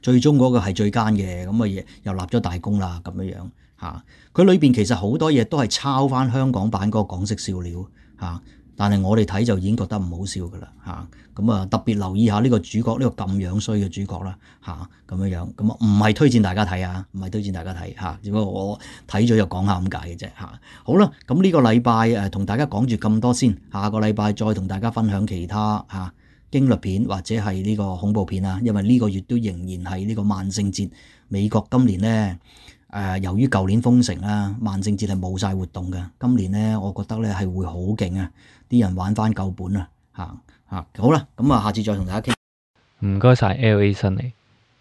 最終嗰個係最奸嘅，咁嘅嘢又立咗大功啦，咁樣樣，吓、啊、佢裏邊其實好多嘢都係抄翻香港版嗰個港式笑料，吓、啊。但係我哋睇就已經覺得唔好笑㗎啦嚇，咁啊特別留意下呢個主角呢、呢個咁樣衰嘅主角啦嚇，咁、啊、樣樣咁啊唔係推薦大家睇啊，唔係推薦大家睇嚇、啊，只不過我睇咗就講下咁解嘅啫嚇。好啦，咁呢個禮拜誒同大家講住咁多先，下個禮拜再同大家分享其他嚇驚慄片或者係呢個恐怖片啊。因為呢個月都仍然係呢個萬聖節，美國今年呢，誒、呃、由於舊年封城啦，萬聖節係冇晒活動嘅，今年呢，我覺得呢係會好勁啊！啲人玩翻夠本啊！嚇、啊、嚇，好啦，咁、嗯、啊，下次再同大家傾。唔該晒 LA 辛尼，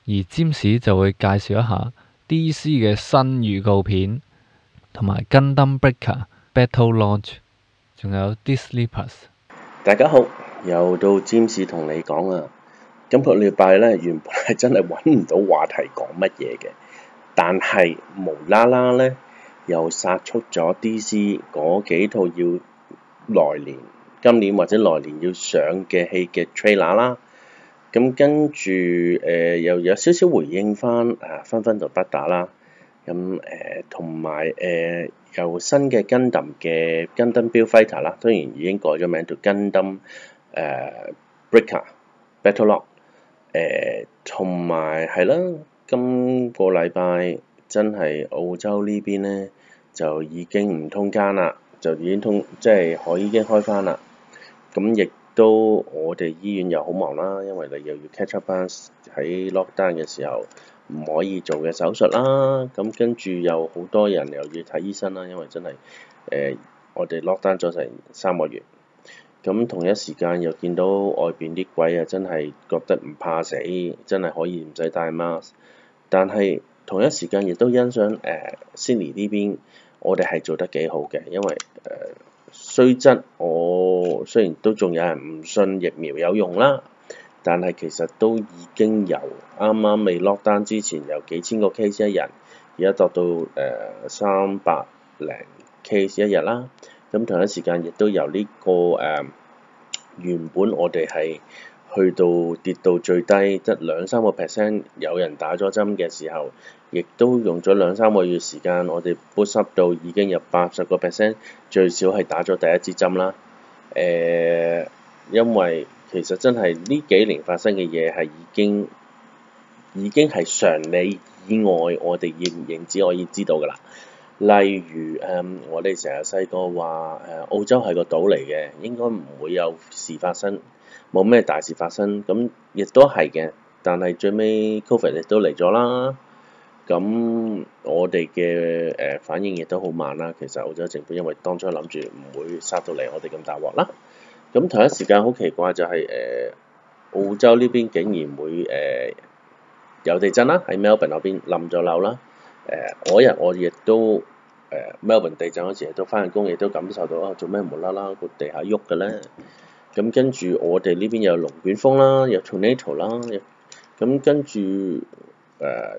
而 James 就會介紹一下 DC 嘅新預告片，同埋《Gundam Breaker》《Battlogue》仲有《Disney+》。大家好，又到 James 同你講啊！今個禮拜咧，原本係真係揾唔到話題講乜嘢嘅，但係無啦啦咧，又殺出咗 DC 嗰幾套要。來年、今年或者來年要上嘅戲嘅 trailer 啦，咁跟住誒、呃、又有少少回應返吓，分分就不打啦，咁誒同埋誒又新嘅 Gundam 嘅 Gundam Build Fighter 啦，雖然已經改咗名做 Gundam 誒 Breaker Battlogue 同埋係啦，今個禮拜真係澳洲邊呢邊咧就已經唔通監啦。就已經通，即係可以已經開翻啦。咁亦都我哋醫院又好忙啦，因為你又要 catch up 喺 Lockdown 嘅時候唔可以做嘅手術啦。咁跟住又好多人又要睇醫生啦，因為真係誒、呃、我哋 Lockdown 咗成三個月，咁同一時間又見到外邊啲鬼啊，真係覺得唔怕死，真係可以唔使戴 mask。但係同一時間亦都欣賞誒 Sydney 呢邊。我哋係做得幾好嘅，因為誒、呃，雖則我雖然都仲有人唔信疫苗有用啦，但係其實都已經由啱啱未落單之前由幾千個 case 一日，而家降到誒三百零 case 一日啦。咁、嗯、同一時間亦都由呢個誒、呃，原本我哋係。去到跌到最低，得兩三個 percent，有人打咗針嘅時候，亦都用咗兩三個月時間，我哋 boost 到已經有八十個 percent，最少係打咗第一支針啦。誒、呃，因為其實真係呢幾年發生嘅嘢係已經已經係常理以外，我哋認唔認知可以知道噶啦。例如誒、嗯，我哋成日細個話誒澳洲係個島嚟嘅，應該唔會有事發生。冇咩大事發生，咁亦都係嘅。但係最尾 Covid 亦都嚟咗啦。咁我哋嘅誒反應亦都好慢啦。其實澳洲政府因為當初諗住唔會殺到嚟我哋咁大鑊啦。咁同一時間好奇怪就係、是、誒、呃、澳洲呢邊竟然會誒、呃、有地震啦，喺 Melbourne 嗰邊冧咗樓啦。誒嗰日我亦都誒、呃、Melbourne 地震嗰時都翻工，亦都感受到啊，做咩無啦啦個地下喐嘅咧？咁跟住我哋呢邊有龍捲風啦，有 tornado 啦，咁跟住誒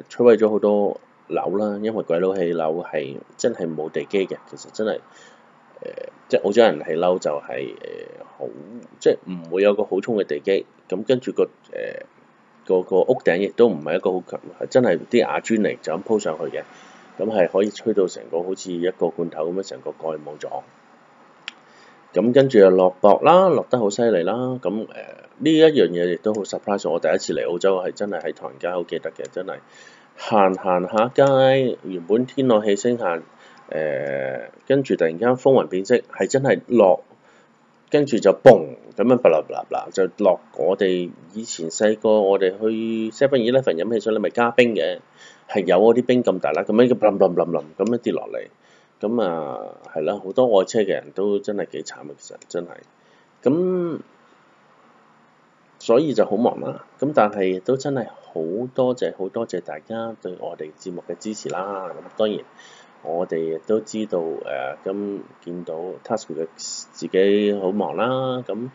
摧毀咗好多樓啦，因為鬼佬起樓係真係冇地基嘅，其實真係誒、呃，即係澳洲人起樓就係誒好，即係唔會有個好聰嘅地基。咁跟住個誒、呃、個，個屋頂亦都唔係一個好強，係真係啲瓦磚嚟就咁鋪上去嘅，咁係可以吹到成個好似一個罐頭咁樣成個蓋冇咗。咁跟住又落雹啦，落得好犀利啦。咁誒呢一樣嘢亦都好 surprise 我。第一次嚟澳洲係真係喺唐人街好記得嘅，真係行行下街，原本天朗氣清下誒、呃，跟住突然間風雲變色，係真係落，跟住就嘣咁樣，嗩啦嗩啦，叭啦就落我。我哋以前細個，我哋去 Seven Eleven 飲汽水，你咪加冰嘅，係有嗰啲冰咁大粒，咁樣一嗩啦嗩咁樣跌落嚟。咁啊，係啦、嗯，好、嗯、多愛車嘅人都真係幾慘啊，其實真係。咁所以就好忙啦。咁但係都真係好多謝好多謝大家對我哋節目嘅支持啦。咁當然我哋亦都知道誒，咁、呃、見到 Tasco 嘅自己好忙啦。咁誒。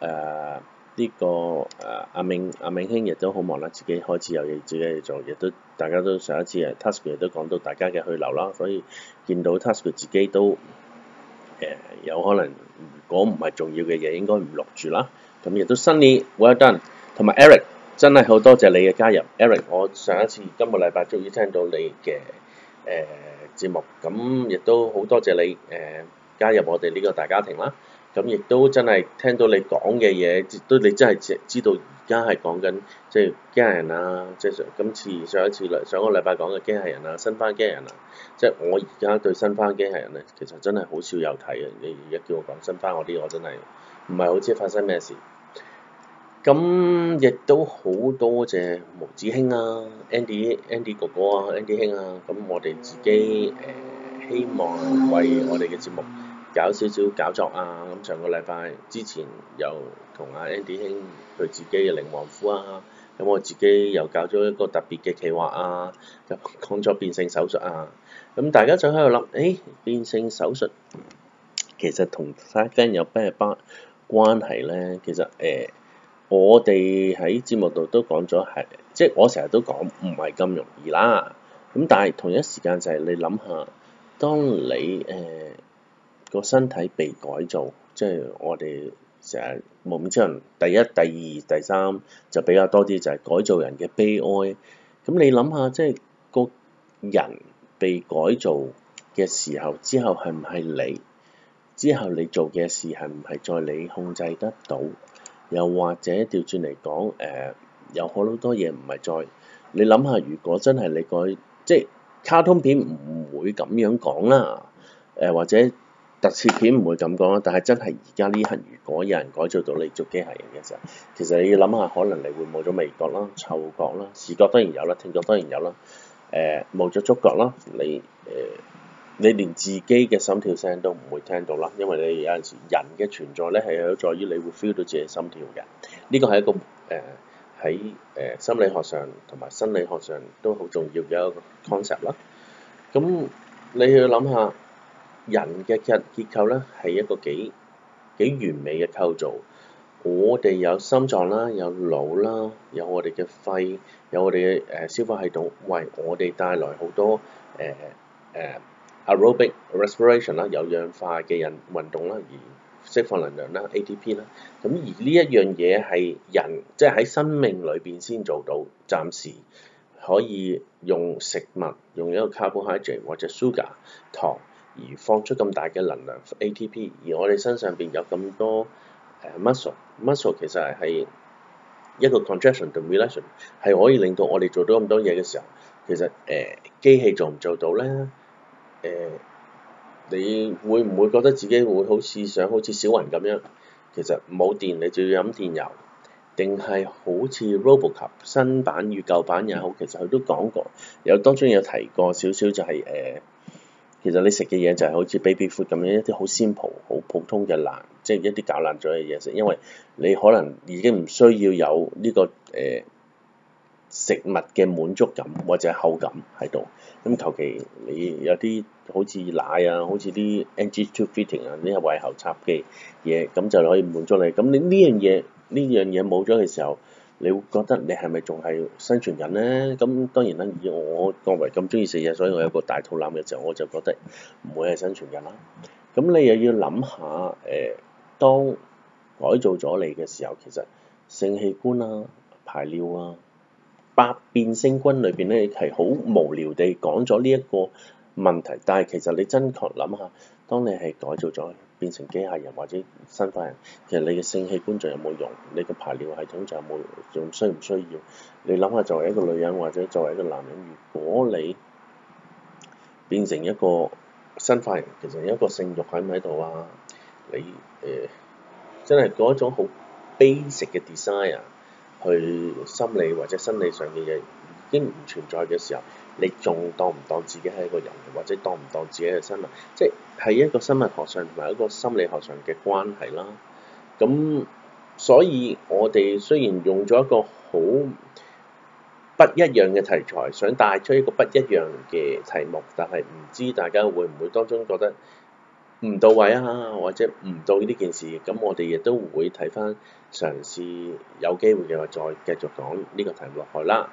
呃呢、這個誒阿、啊、明阿明兄亦都好忙啦，自己開始有嘢自己做，亦都大家都上一次啊 task 亦都講到大家嘅去留啦，所以見到 task 自己都誒、呃、有可能，如果唔係重要嘅嘢，應該唔落住啦。咁、嗯、亦都 Sunny、Weldon 同埋 Eric 真係好多謝你嘅加入，Eric，我上一次今個禮拜終於聽到你嘅誒節目，咁亦都好多謝你誒、呃、加入我哋呢個大家庭啦。咁亦都真係聽到你講嘅嘢，都你真係知知道而家係講緊即係機械人啊！即係今次上一次上個禮拜講嘅機械人啊，新番機械人啊！即係我而家對新番機械人咧，其實真係好少有睇嘅。你而家叫我講新番，我啲我真係唔係好知發生咩事。咁亦都好多謝毛子卿啊，Andy Andy 哥哥啊，Andy 兄啊。咁我哋自己、呃、希望為我哋嘅節目，搞少少搞作啊！咁上個禮拜之前又同阿 Andy 兄佢自己嘅靈王夫啊，咁、嗯、我自己又搞咗一個特別嘅企劃啊，又講咗變性手術啊，咁、嗯、大家就喺度諗，誒變性手術其實同 Sci-Fi 有咩關關係咧？其實誒、呃，我哋喺節目度都講咗係，即係我成日都講唔係咁容易啦。咁但係同一時間就係你諗下，當你誒。呃個身體被改造，即係我哋成日幪面超人第一、第二、第三就比較多啲，就係改造人嘅悲哀。咁你諗下，即係個人被改造嘅時候之後是是，係唔係你之後你做嘅事係唔係在你控制得到？又或者調轉嚟講，誒、呃、有好多嘢唔係在你諗下。如果真係你改，即係卡通片唔會咁樣講啦。誒、呃、或者。特攝片唔會咁講咯，但係真係而家呢行，如果有人改造到你做機械人嘅時候，其實你要諗下，可能你會冇咗味覺啦、嗅覺啦、視覺當然有啦、聽覺當然有啦，誒冇咗觸覺啦，你誒、呃、你連自己嘅心跳聲都唔會聽到啦，因為你有陣時人嘅存在咧係有助於你會 feel 到自己心跳嘅，呢個係一個誒喺誒心理學上同埋生理學上都好重要嘅一個 concept 啦。咁你去諗下。人嘅結結構咧係一個幾幾完美嘅構造。我哋有心臟啦，有腦啦，有我哋嘅肺，有我哋嘅誒消化系統，為我哋帶來好多誒誒 aerobic respiration 啦，呃呃、resp iration，有氧化嘅人運動啦，而釋放能量啦 ATP 啦。咁而呢一樣嘢係人即係喺生命裏邊先做到。暫時可以用食物用一個 carbohydrate 或者 sugar 糖。而放出咁大嘅能量 ATP，而我哋身上邊有咁多誒，uh, muscle，muscle 其實係一個 contraction to relaxation 係可以令到我哋做到咁多嘢嘅時候，其實誒、呃、機器做唔做到咧？誒、呃、你會唔會覺得自己會好似想好似小雲咁樣，其實冇電你就要飲電油，定係好似 Robo 俠新版與舊版又好，其實佢都講過，有當中有提過少少就係、是、誒。呃其實你食嘅嘢就係好似 baby food 咁樣一啲好鮮蒲、好普通嘅爛，即係一啲搞爛咗嘅嘢食。因為你可能已經唔需要有呢個誒食物嘅滿足感或者口感喺度。咁求其你有啲好似奶啊，好似啲 NG tube fitting 啊，呢啲胃喉插嘅嘢，咁就可以滿足你。咁你呢樣嘢呢樣嘢冇咗嘅時候，你會覺得你係咪仲係生存緊呢？咁當然啦，以我作為咁鍾意食嘢，所以我有個大肚腩嘅時候，我就覺得唔會係生存緊啦。咁你又要諗下，誒、呃，當改造咗你嘅時候，其實性器官啊、排尿啊、百變星君裏邊咧係好無聊地講咗呢一個問題。但係其實你真確諗下，當你係改造咗，變成機械人或者生化人，其實你嘅性器官仲有冇用？你嘅排尿系統仲有冇用？仲需唔需要？你諗下，作為一個女人或者作為一個男人，如果你變成一個生化人，其實一個性欲喺唔喺度啊？你誒、呃、真係嗰種好 basic 嘅 desire，去心理或者生理上嘅嘢。已經唔存在嘅時候，你仲當唔當自己係一個人，或者當唔當自己係生物？即係喺一個生物學上同埋一個心理學上嘅關係啦。咁，所以我哋雖然用咗一個好不一樣嘅題材，想帶出一個不一樣嘅題目，但係唔知大家會唔會當中覺得唔到位啊，或者唔到呢件事？咁我哋亦都會睇返，嘗試有機會嘅話再繼續講呢個題目落去啦。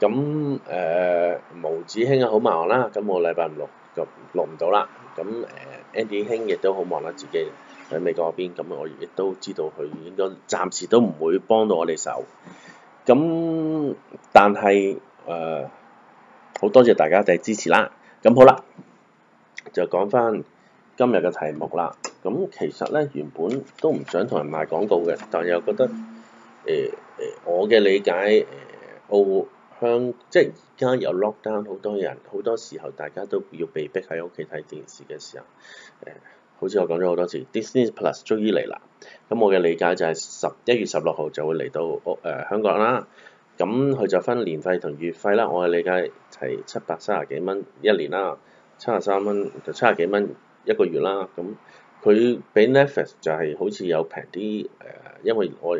咁誒，毛、呃、子卿啊，好忙啦，咁我禮拜六就錄唔到啦。咁誒、呃、Andy 兄亦都好忙啦，自己喺美國嗰邊，咁我亦都知道佢應該暫時都唔會幫到我哋手。咁，但係誒，好、呃、多謝大家嘅支持啦。咁好啦，就講返今日嘅題目啦。咁其實咧，原本都唔想同人賣廣告嘅，但又覺得誒誒、呃呃，我嘅理解誒、呃、澳香即係而家有 lockdown，好多人好多時候，大家都要被逼喺屋企睇電視嘅時候，誒、呃，好似我講咗好多次，Disney Plus 終於嚟啦。咁我嘅理解就係十一月十六號就會嚟到屋誒、呃、香港啦。咁佢就分年費同月費啦。我嘅理解係七百三十幾蚊一年啦，七十三蚊就七十幾蚊一個月啦。咁佢比 Netflix 就係好似有平啲誒，因為我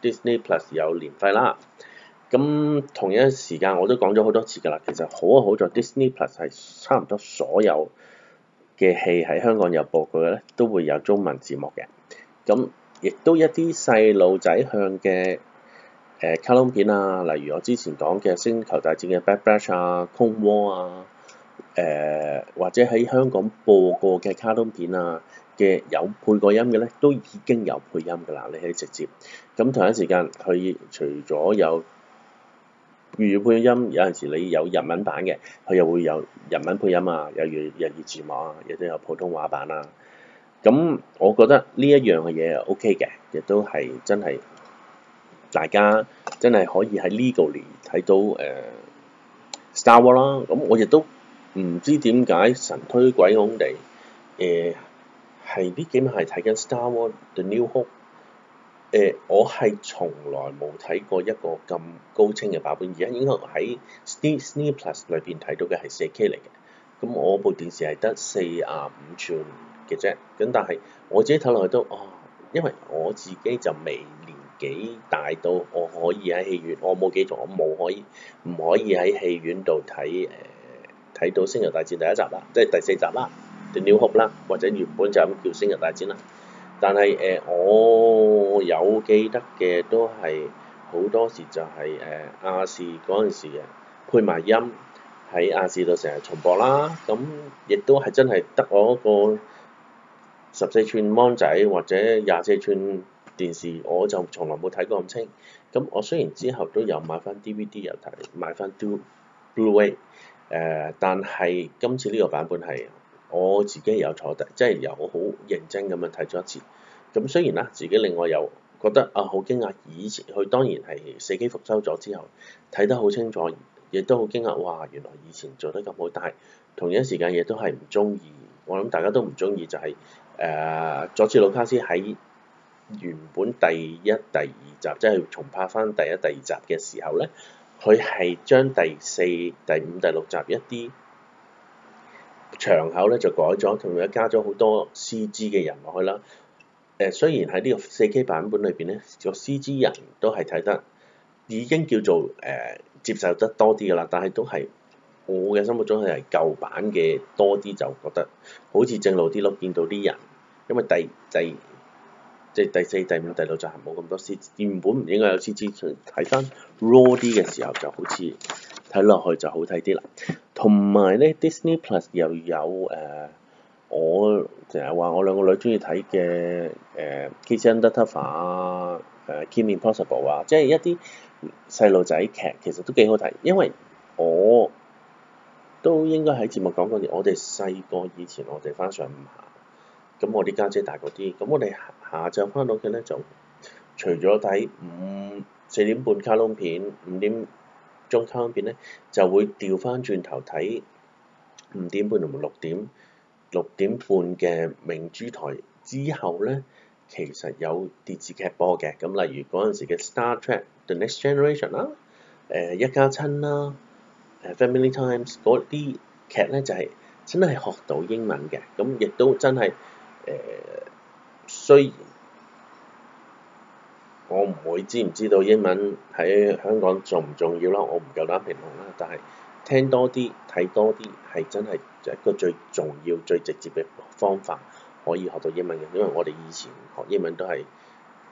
Disney Plus 有年費啦。咁同一時間，我都講咗好多次㗎啦。其實好啊好，好在 Disney Plus 係差唔多所有嘅戲喺香港有播過嘅咧，都會有中文字幕嘅。咁亦都一啲細路仔向嘅誒、呃、卡通片啊，例如我之前講嘅《星球大戰》嘅《Bad Batch》啊，《Clone War》啊，誒、呃、或者喺香港播過嘅卡通片啊嘅有配過音嘅咧，都已經有配音㗎啦。你可以直接咁，同一時間，佢除咗有粵語配音有陣時你有日文版嘅，佢又會有日文配音啊，有如日語字幕啊，亦都有普通話版啊。咁我覺得呢一樣嘅嘢啊 OK 嘅，亦都係真係大家真係可以喺 legally 睇到誒、呃、Star Wars 啦。咁我亦都唔知點解神推鬼恐地誒係呢幾晚係睇緊 Star Wars The New Hope。呃、我係從來冇睇過一個咁高清嘅版本，而家應該喺 Disney+ 裏邊睇到嘅係四 k 嚟嘅。咁我部電視係得四十五寸嘅啫，咁但係我自己睇落去都，哦，因為我自己就未年紀大到我可以喺戲院，我冇記錯，我冇可以唔可以喺戲院度睇誒睇到《星球大戰》第一集啦，即係第四集啦，The New Hope 啦，或者原本就咁叫《星球大戰》啦。但係誒、呃，我有記得嘅都係好多時就係、是、誒、呃、亞視嗰陣時配埋音喺亞視度成日重播啦，咁、嗯、亦都係真係得我一個十四寸芒仔或者廿四寸電視，我就從來冇睇過咁清。咁、嗯、我雖然之後都有買翻 DVD 又睇，買翻 do Blu-ray 誒、呃，但係今次呢個版本係。我自己有坐低，即係有好認真咁樣睇咗一次。咁雖然啦，自己另外又覺得啊好驚訝，以前佢當然係死機復修咗之後睇得好清楚，亦都好驚訝。哇！原來以前做得咁好，但係同一時間亦都係唔中意。我諗大家都唔中意，就係誒佐治魯卡斯喺原本第一、第二集，即係重拍翻第一、第二集嘅時候呢，佢係將第四、第五、第六集一啲。場口咧就改咗，同埋加咗好多 C G 嘅人落去啦。誒、呃，雖然喺呢個 4K 版本裏邊咧，個 [noise] C G 人都係睇得已經叫做誒、呃、接受得多啲噶啦，但係都係我嘅心目中係舊版嘅多啲，就覺得好似正路啲咯，見到啲人。因為第第即係第四、第五、第六集冇咁多 C G，原本唔應該有 C G，睇翻 raw 啲嘅時候就好似。睇落去就好睇啲啦，同埋咧 Disney Plus 又有誒、呃，我成日話我兩個女中意睇嘅誒《Kitchen Dada》啊，啊《誒 Kim Possible》啊，即係一啲細路仔劇其實都幾好睇，因為我都應該喺節目講過我哋細個以前我哋翻上午校，咁我啲家姐大嗰啲，咁我哋下晝翻到去咧就除咗睇五四點半卡通片，五點。中間卡通片咧就會調翻轉頭睇五點半同埋六點六點半嘅明珠台，之後咧，其實有電視劇播嘅，咁例如嗰陣時嘅 Star Trek The Next Generation 啦、呃，誒一家親啦，誒、呃、Family Times 嗰啲劇咧就係、是、真係學到英文嘅，咁亦都真係誒、呃、雖我唔會知唔知道英文喺香港重唔重要啦，我唔夠膽評論啦。但係聽多啲、睇多啲係真係一個最重要、最直接嘅方法可以學到英文嘅，因為我哋以前學英文都係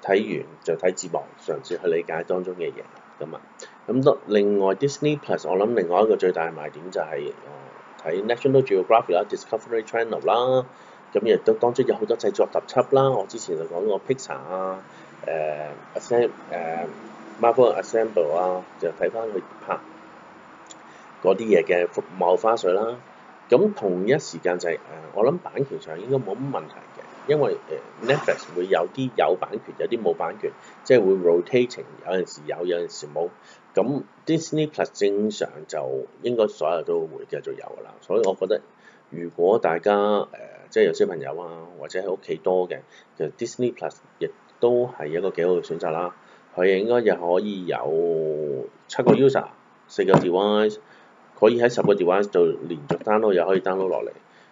睇完就睇字幕，嘗試去理解當中嘅嘢咁啊。咁另外 Disney Plus，我諗另外一個最大嘅賣點就係、是、睇、呃、National Geographic Discovery Channel 啦，咁亦都當中有好多製作特輯啦。我之前就講過 Pixar 啊。誒、uh, assemble 誒、uh, Marvel assemble 啊，就睇翻佢拍嗰啲嘢嘅服務花絮啦。咁同一時間就係誒，我諗版權上應該冇乜問題嘅，因為誒 Netflix 會有啲有版權，有啲冇版權，即係會 rotating，有陣時有，有陣時冇。咁 Disney Plus 正常就應該所有都會繼續有啦。所以我覺得，如果大家誒即係有小朋友啊，或者喺屋企多嘅，其實 Disney Plus 亦～都係一個幾好嘅選擇啦，佢應該又可以有七個 user，四個 device，可以喺十個 device 度連續 download，又可以 download 落嚟。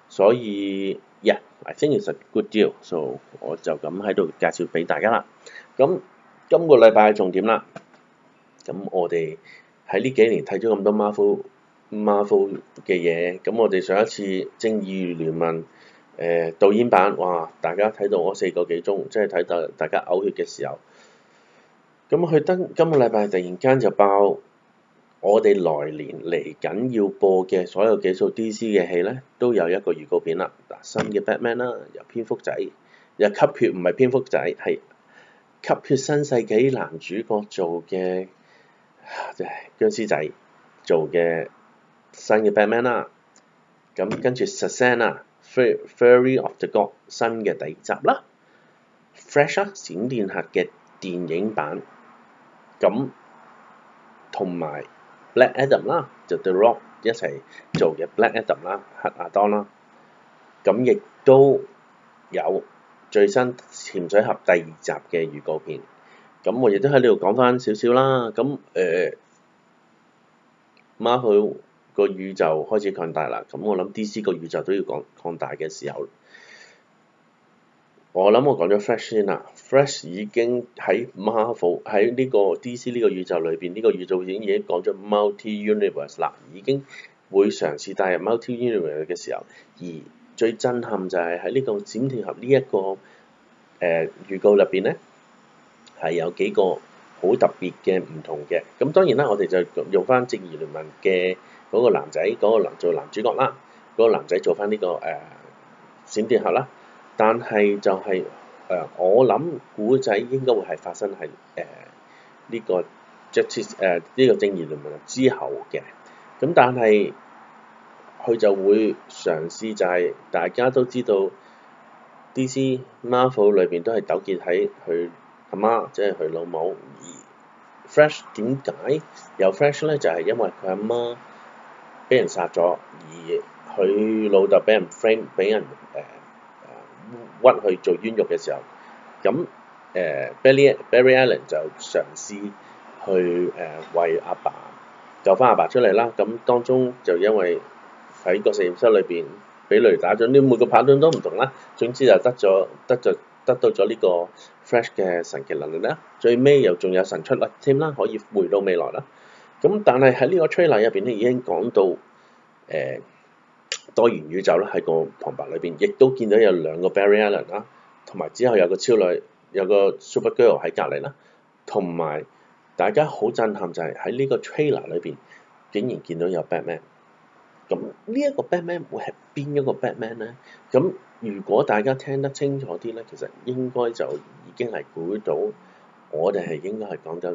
所以，yeah，I think it's a good deal。So 我就咁喺度介紹俾大家啦。咁今個禮拜重點啦，咁我哋喺呢幾年睇咗咁多 Marvel, Marvel、Marvel 嘅嘢，咁我哋上一次正義聯盟。誒、呃、導演版哇！大家睇到我四個幾鐘，即係睇到大家嘔血嘅時候。咁去登今個禮拜突然間就爆，我哋來年嚟緊要播嘅所有幾套 D.C. 嘅戲咧，都有一個預告片啦。嗱，新嘅 Batman 啦、啊，又蝙蝠仔，又吸血唔係蝙蝠仔，係吸血新世紀男主角做嘅，就係殭屍仔做嘅新嘅 Batman 啦、啊。咁跟住 Shazam《The Fury of the God》新嘅第二集啦，《Flash》閃電俠嘅電影版，咁同埋《Black Adam》啦，就 The Rock 一齊做嘅《Black Adam》啦，黑亞當啦，咁亦都有最新《潛水俠》第二集嘅預告片，咁我亦都喺呢度講返少少啦，咁誒，孖佢，個宇宙開始擴大啦，咁我諗 DC 個宇宙都要擴擴大嘅時候，我諗我講咗 Flash 先啦 Flash 已經喺 Marvel 喺呢個 DC 呢個宇宙裏邊，呢個宇宙已經講咗 Multi Universe 啦，已經會嘗試帶入 Multi Universe 嘅時候。而最震撼就係喺呢個剪亭合呢一個誒預告入邊咧，係有幾個好特別嘅唔同嘅。咁當然啦，我哋就用翻《正義聯盟》嘅。嗰、那個男仔，嗰個男做男主角啦，嗰、那個男仔做翻呢、這個誒、呃、閃電俠啦。但係就係、是、誒、呃，我諗古仔應該會係發生喺誒呢個 justice 誒呢個正義聯盟之後嘅。咁但係佢就會嘗試就係、是、大家都知道，DC Marvel 裏邊都係糾結喺佢阿媽，即係佢老母。而 Flash 點解有 Flash 咧？就係、是、因為佢阿媽。俾人殺咗，而佢老豆俾人 frame 俾人誒屈去做冤獄嘅時候，咁誒 Barry Barry Allen 就嘗試去誒為阿爸救翻阿爸出嚟啦。咁當中就因為喺個實驗室裏邊俾雷打咗，啲每個拍檔都唔同啦。總之就得咗得就得到咗呢個 Flash 嘅神奇能力啦。最尾又仲有神出力添啦，可以回到未來啦。咁但係喺呢個 trailer 入邊咧，已經講到誒、呃、多元宇宙啦，喺個旁白裏邊，亦都見到有兩個 Barry Allen 啦、啊，同埋之後有個超女，有個 Super Girl 喺隔離啦，同、啊、埋大家好震撼就係喺呢個 trailer 裏邊，竟然見到有 Batman、啊。咁、這、呢、個、一個 Batman 會係邊一個 Batman 咧？咁、啊、如果大家聽得清楚啲咧，其實應該就已經係估到，我哋係應該係講緊。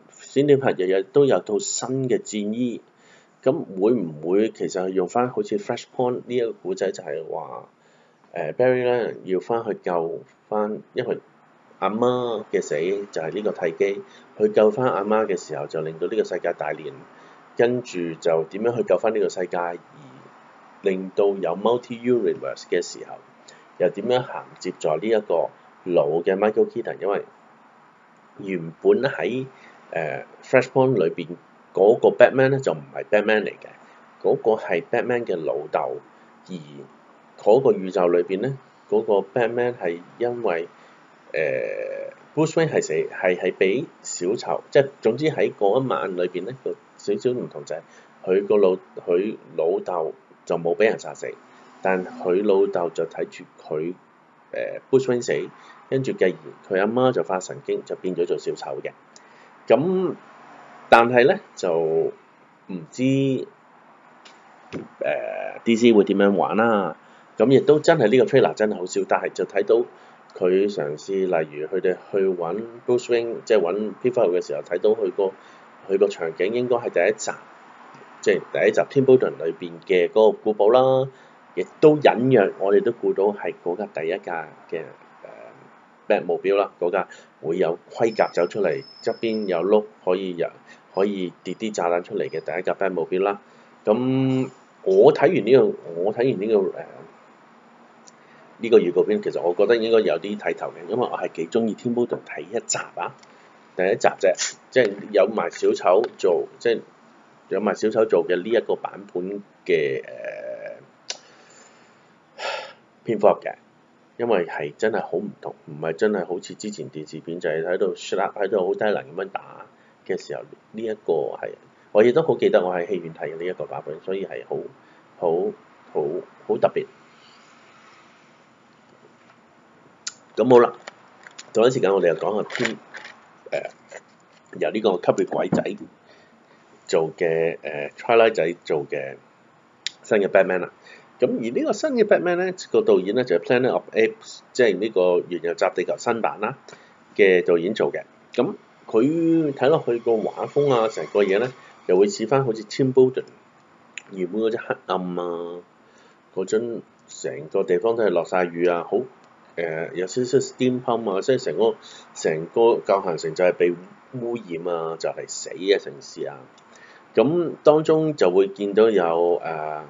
閃電俠日日都有套新嘅戰衣，咁會唔會其實用翻好似 Flashpoint、呃、呢一個古仔就係話誒 Barry 咧要翻去救翻，因為阿媽嘅死就係呢個契機。去救翻阿媽嘅時候就令到呢個世界大亂，跟住就點樣去救翻呢個世界而令到有 multi-universe 嘅時候，又點樣銜接咗呢一個老嘅 Michael Keaton，因為原本喺誒，Flashpoint 裏邊嗰個 Batman 咧就唔係 Batman 嚟嘅，嗰個係 Batman 嘅老豆。而嗰個宇宙裏邊咧，嗰個 Batman 係因為誒、uh, Bruce Wayne 係死係係俾小丑，即係總之喺嗰一晚裏邊咧個少少唔同就係佢個老佢老豆就冇俾人殺死，但佢老豆就睇住佢誒、uh, Bruce Wayne 死，跟住繼而佢阿媽就發神經就變咗做小丑嘅。咁、嗯，但係咧就唔知誒、呃、DC 會點樣玩啦、啊。咁、嗯、亦都真係呢、這個 trailer 真係好少，但係就睇到佢嘗試，例如佢哋去揾 Bruce Wayne 即係揾蝙蝠俠嘅時候，睇到佢個佢個場景應該係第一集，即係第一集《添布頓》裏邊嘅嗰個古堡啦。亦都隱約我哋都估到係嗰架第一架嘅。目標啦，嗰架會有盔甲走出嚟，側邊有碌可以入，可以跌啲炸彈出嚟嘅第一架。格目標啦。咁我睇完呢個，我睇完呢個誒呢個預告片，其實我覺得應該有啲睇頭嘅，因為我係幾中意《天幕》睇一集啊，第一集啫，即係有埋小丑做，即係有埋小丑做嘅呢一個版本嘅誒蝙蝠俠嘅。呃因為係真係好唔同，唔係真係好似之前電視片，就係喺度 shut up，喺度好低能咁樣打嘅時候，呢一個係我亦都好記得，我喺戲院睇嘅呢一個版本，所以係好好好好特別。咁好啦，早陣時間我哋又講個片，誒、呃、由呢個吸血鬼仔做嘅，誒 Twilight 仔做嘅新嘅 Batman 啦。咁而呢個新嘅 Batman 咧，呢個導演咧就係、是、Planet of Apes 即係呢個《猿人襲地球》新版啦嘅導演做嘅。咁佢睇落去個畫風啊，成個嘢咧又會似翻好似 Tim Burton 原本嗰種黑暗啊，嗰種成個地方都係落晒雨啊，好誒、呃、有少少 Steam Pump 啊，所以成個成個葛咸城就係被污染啊，就係、是、死嘅、啊、城市啊。咁、嗯、當中就會見到有誒。呃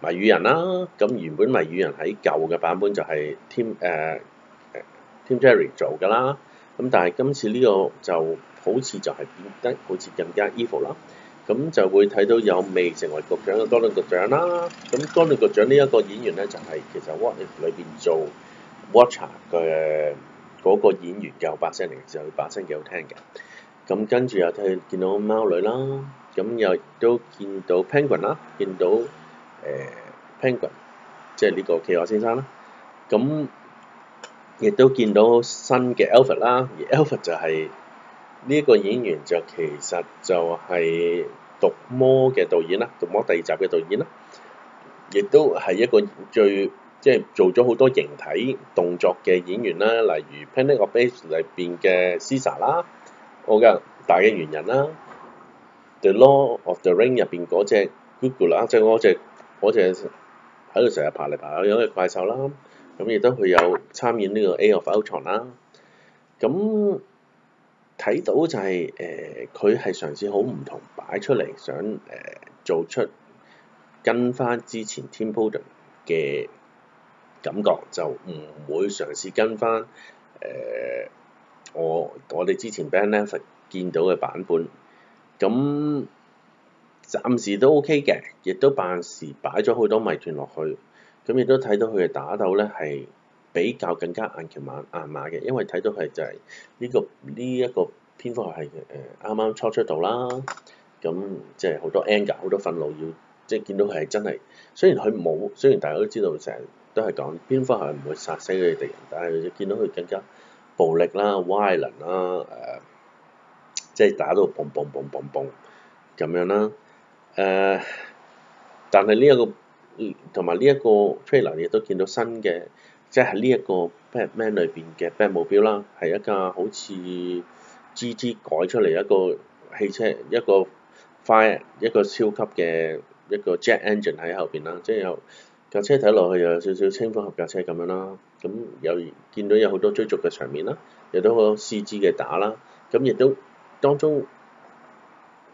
謎語人啦、啊，咁原本謎語人喺舊嘅版本就係 Tim 誒、呃啊、Tim Carrey 做㗎啦，咁但係今次呢個就好似就係變得好似更加 evil 啦，咁、嗯、就會睇到有未成為局長嘅 Donald 局長啦，咁、嗯、Donald 局長呢一個演員咧就係、是、其實 What If 裏邊做 Watcher 嘅嗰、呃那個演員嘅，把聲嚟嘅，就佢把聲幾好聽嘅。咁、嗯、跟住又睇見到貓女啦，咁、嗯、又都見到 Penguin 啦，見到。誒 Penguin，即係呢個企鵝先生啦。咁亦都見到新嘅 Alfred 啦，而 Alfred 就係呢個演員就其實就係《毒魔》嘅導演啦，《毒魔》第二集嘅導演啦。亦都係一個最即係做咗好多形體動作嘅演員啦，例如《Planet of the Apes》入邊嘅 Sisa 啦，我嘅大嘅猿人啦，《The Law of the Ring》入邊嗰隻 Gollum 啊，即係嗰隻。我哋喺度成日爬嚟爬去，有啲怪獸啦，咁亦都佢有參演呢個 Age of Ultron 啦。咁睇到就係、是、誒，佢、呃、係嘗試好唔同擺出嚟，想、呃、誒做出跟翻之前 Tim Burton 嘅感覺，就唔會嘗試跟翻誒、呃、我我哋之前 Ben Affleck 見到嘅版本。咁暫時都 O K 嘅，亦都辦事擺咗好多謎團落去，咁亦都睇到佢嘅打鬥咧係比較更加硬橋硬硬馬嘅，因為睇到佢就係、是、呢、呢個呢一、呢個蝙蝠俠係啱啱初出道啦，咁、嗯、即係好多 anger 好多憤怒要即係見到佢係真係，雖然佢冇，雖然大家都知道成日都係講蝙蝠俠唔會殺死佢哋敵人，但係見到佢更加暴力啦、violent 啦、呃、即係打到 boom boom boom boom boom 咁樣啦。誒、呃，但係呢一個，同埋呢一個 trailer 亦都見到新嘅，即係呢一個 Batman 裏邊嘅 Bat 目標啦，係一架好似 GG 改出嚟一個汽車，一個 fire 一個超級嘅一個 jet engine 喺後邊啦，即係有架車睇落去又有少少青蜂俠架車咁樣啦，咁有見到有好多追逐嘅場面啦，亦都好多 C G 嘅打啦，咁亦都當中。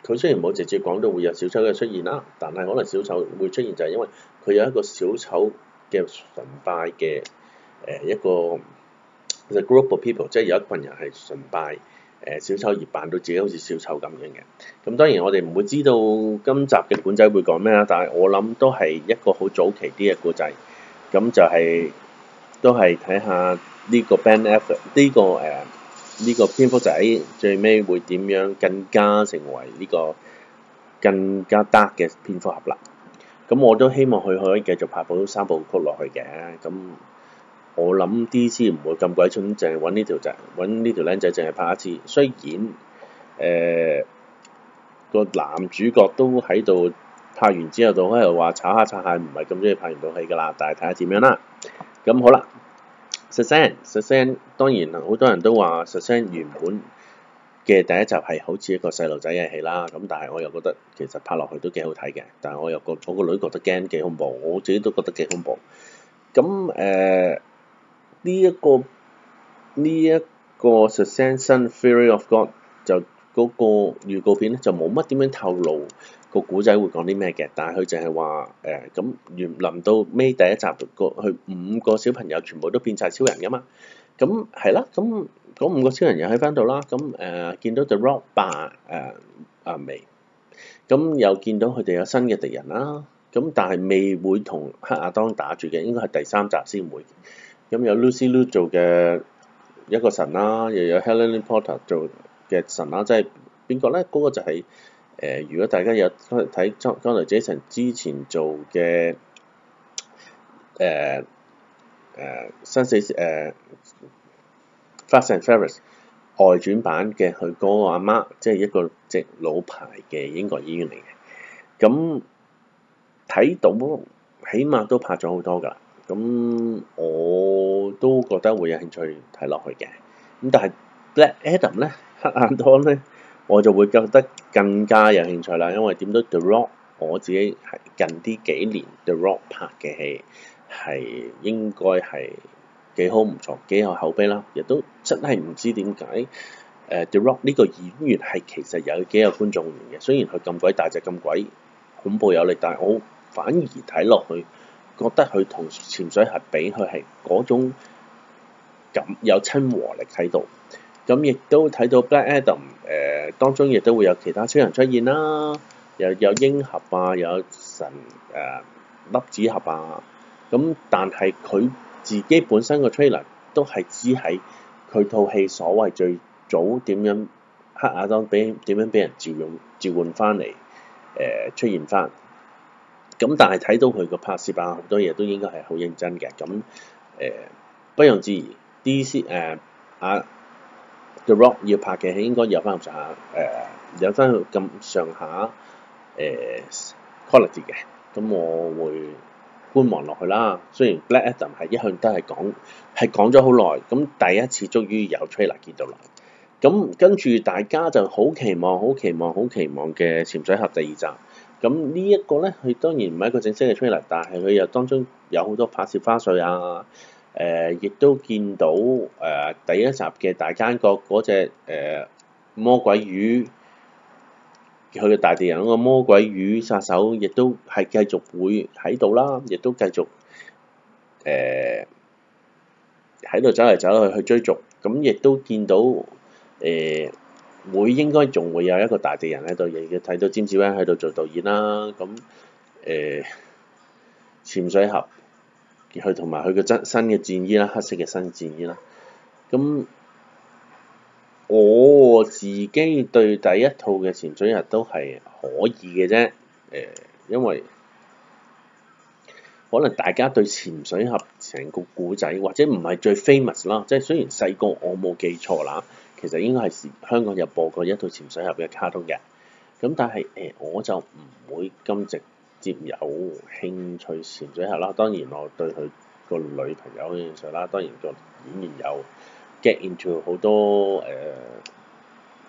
佢雖然冇直接講到會有小丑嘅出現啦，但係可能小丑會出現就係因為佢有一個小丑嘅崇拜嘅誒、呃、一,一個 group of people，即係有一群人係崇拜誒、呃、小丑而扮到自己好似小丑咁樣嘅。咁當然我哋唔會知道今集嘅管仔會講咩啦，但係我諗都係一個好早期啲嘅故仔，咁就係、是、都係睇下呢個 band effort 呢、這個誒。Uh, 呢個蝙蝠仔最尾會點樣更加成為呢個更加 dark 嘅蝙蝠俠啦？咁我都希望佢可以繼續拍到三部曲落去嘅。咁我諗 DC 唔會咁鬼蠢，淨係揾呢條仔、揾呢條僆仔，淨係拍一次。雖然誒個、呃、男主角都喺度拍完之後，就喺度話炒下炒下，唔係咁中意拍完套戲㗎啦。但係睇下點樣啦。咁好啦。《Satan》，《s a n 當然好多人都話《Satan》原本嘅第一集係好似一個細路仔嘅戲啦，咁但係我又覺得其實拍落去都幾好睇嘅。但係我又個我個女覺得驚，幾恐怖，我自己都覺得幾恐怖。咁誒呢一個呢一個《Satan》《Theory of God 就》就、那、嗰個預告片咧，就冇乜點樣透露。個古仔會講啲咩嘅？但係佢淨係話誒咁，原、呃、臨到尾第一集個佢五個小朋友全部都變晒超人噶嘛。咁係啦，咁嗰五個超人又喺翻度啦。咁誒、呃、見到 The Rock 爸誒啊未？咁、呃、又見到佢哋有新嘅敵人啦。咁但係未會同黑亞當打住嘅，應該係第三集先會。咁有 Lucy Liu 做嘅一個神啦，又有 Helen Porter 做嘅神啦，即係邊個咧？嗰、那個就係、是。誒，如果大家有睇 Jason 之前做嘅誒誒三四誒《呃、Fast and Furious》外傳版嘅佢個阿媽，即、啊、係、就是、一個直老牌嘅英國演員嚟嘅，咁睇到起碼都拍咗好多㗎，咁我都覺得會有興趣睇落去嘅。咁但係 Black Adam 咧，黑亞當咧。我就會覺得更加有興趣啦，因為點都 The Rock 我自己係近啲幾年 The Rock 拍嘅戲係應該係幾好唔錯，幾有口碑啦。亦都真係唔知點解誒 The Rock 呢個演員係其實有幾有觀眾緣嘅，雖然佢咁鬼大隻、咁鬼恐怖有力，但係我反而睇落去覺得佢同潛水俠比佢係嗰種咁有親和力喺度。咁亦都睇到《Black Adam》呃，誒當中亦都會有其他超人出現啦，又有鷹俠啊，有神誒、呃、粒子俠啊。咁但係佢自己本身嘅 trailer 都係只喺佢套戲所謂最早點樣黑亞當俾點樣俾人召用召喚翻嚟誒出現翻。咁但係睇到佢個拍攝啊好多嘢都應該係好認真嘅。咁誒、呃、不容置疑，DC 誒啊。啊 The Rock 要拍嘅戲應該有翻咁上下，呃、有翻咁上下誒、呃、quality 嘅，咁我會觀望落去啦。雖然 Black Adam 係一向都係講係講咗好耐，咁第一次終於有 trailer 見到啦。咁跟住大家就好期望、好期望、好期望嘅《潛水俠》第二集。咁呢一個咧，佢當然唔係一個正式嘅 trailer，但係佢又當中有好多拍攝花絮啊。誒，亦、呃、都見到誒、呃、第一集嘅大奸角嗰隻誒魔鬼魚，佢嘅大地人嗰，那個魔鬼魚殺手，亦都係繼續會喺度啦，亦都繼續誒喺度走嚟走去去追逐，咁、嗯、亦都見到誒、呃、會應該仲會有一個大地人喺度，亦嘅睇到尖子彎喺度做導演啦，咁誒潛水俠。佢同埋佢個質新嘅戰衣啦，黑色嘅新戰衣啦。咁我自己對第一套嘅潛水盒都係可以嘅啫。誒、呃，因為可能大家對潛水盒成個故仔或者唔係最 famous 啦，即係雖然細個我冇記錯啦，其實應該係香港有播過一套潛水盒嘅卡通嘅。咁但係誒、呃，我就唔會咁值。接有興趣潛水客啦，當然我對佢個女朋友嘅嘢嘅啦，當然個演員有 get into 好多誒、呃、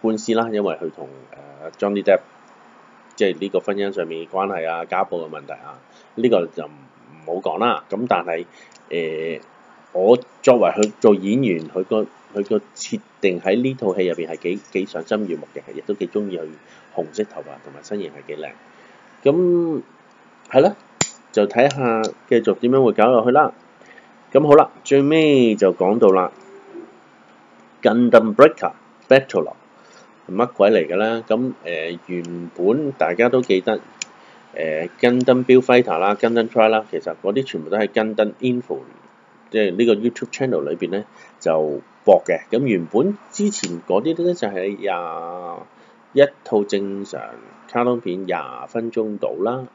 官司啦，因為佢同誒 Johnny Depp 即係呢個婚姻上面嘅關係啊、家暴嘅問題啊，呢、這個就唔好講啦。咁但係誒、呃，我作為佢做演員，佢個佢個設定喺呢套戲入邊係幾幾賞心悅目嘅，亦都幾中意佢紅色頭髮同埋身形係幾靚咁。係啦，就睇下繼續點樣會搞落去啦。咁好啦，最尾就講到啦，Gundam Breaker Battlogue 係乜鬼嚟嘅咧？咁誒、呃、原本大家都記得誒 Gundam Build Fighter 啦，Gundam Try 啦，其實嗰啲全部都係 Gundam Info，即係呢個 YouTube Channel 裏邊咧就搏嘅。咁原本之前嗰啲咧就係廿一套正常卡通片廿分鐘到啦。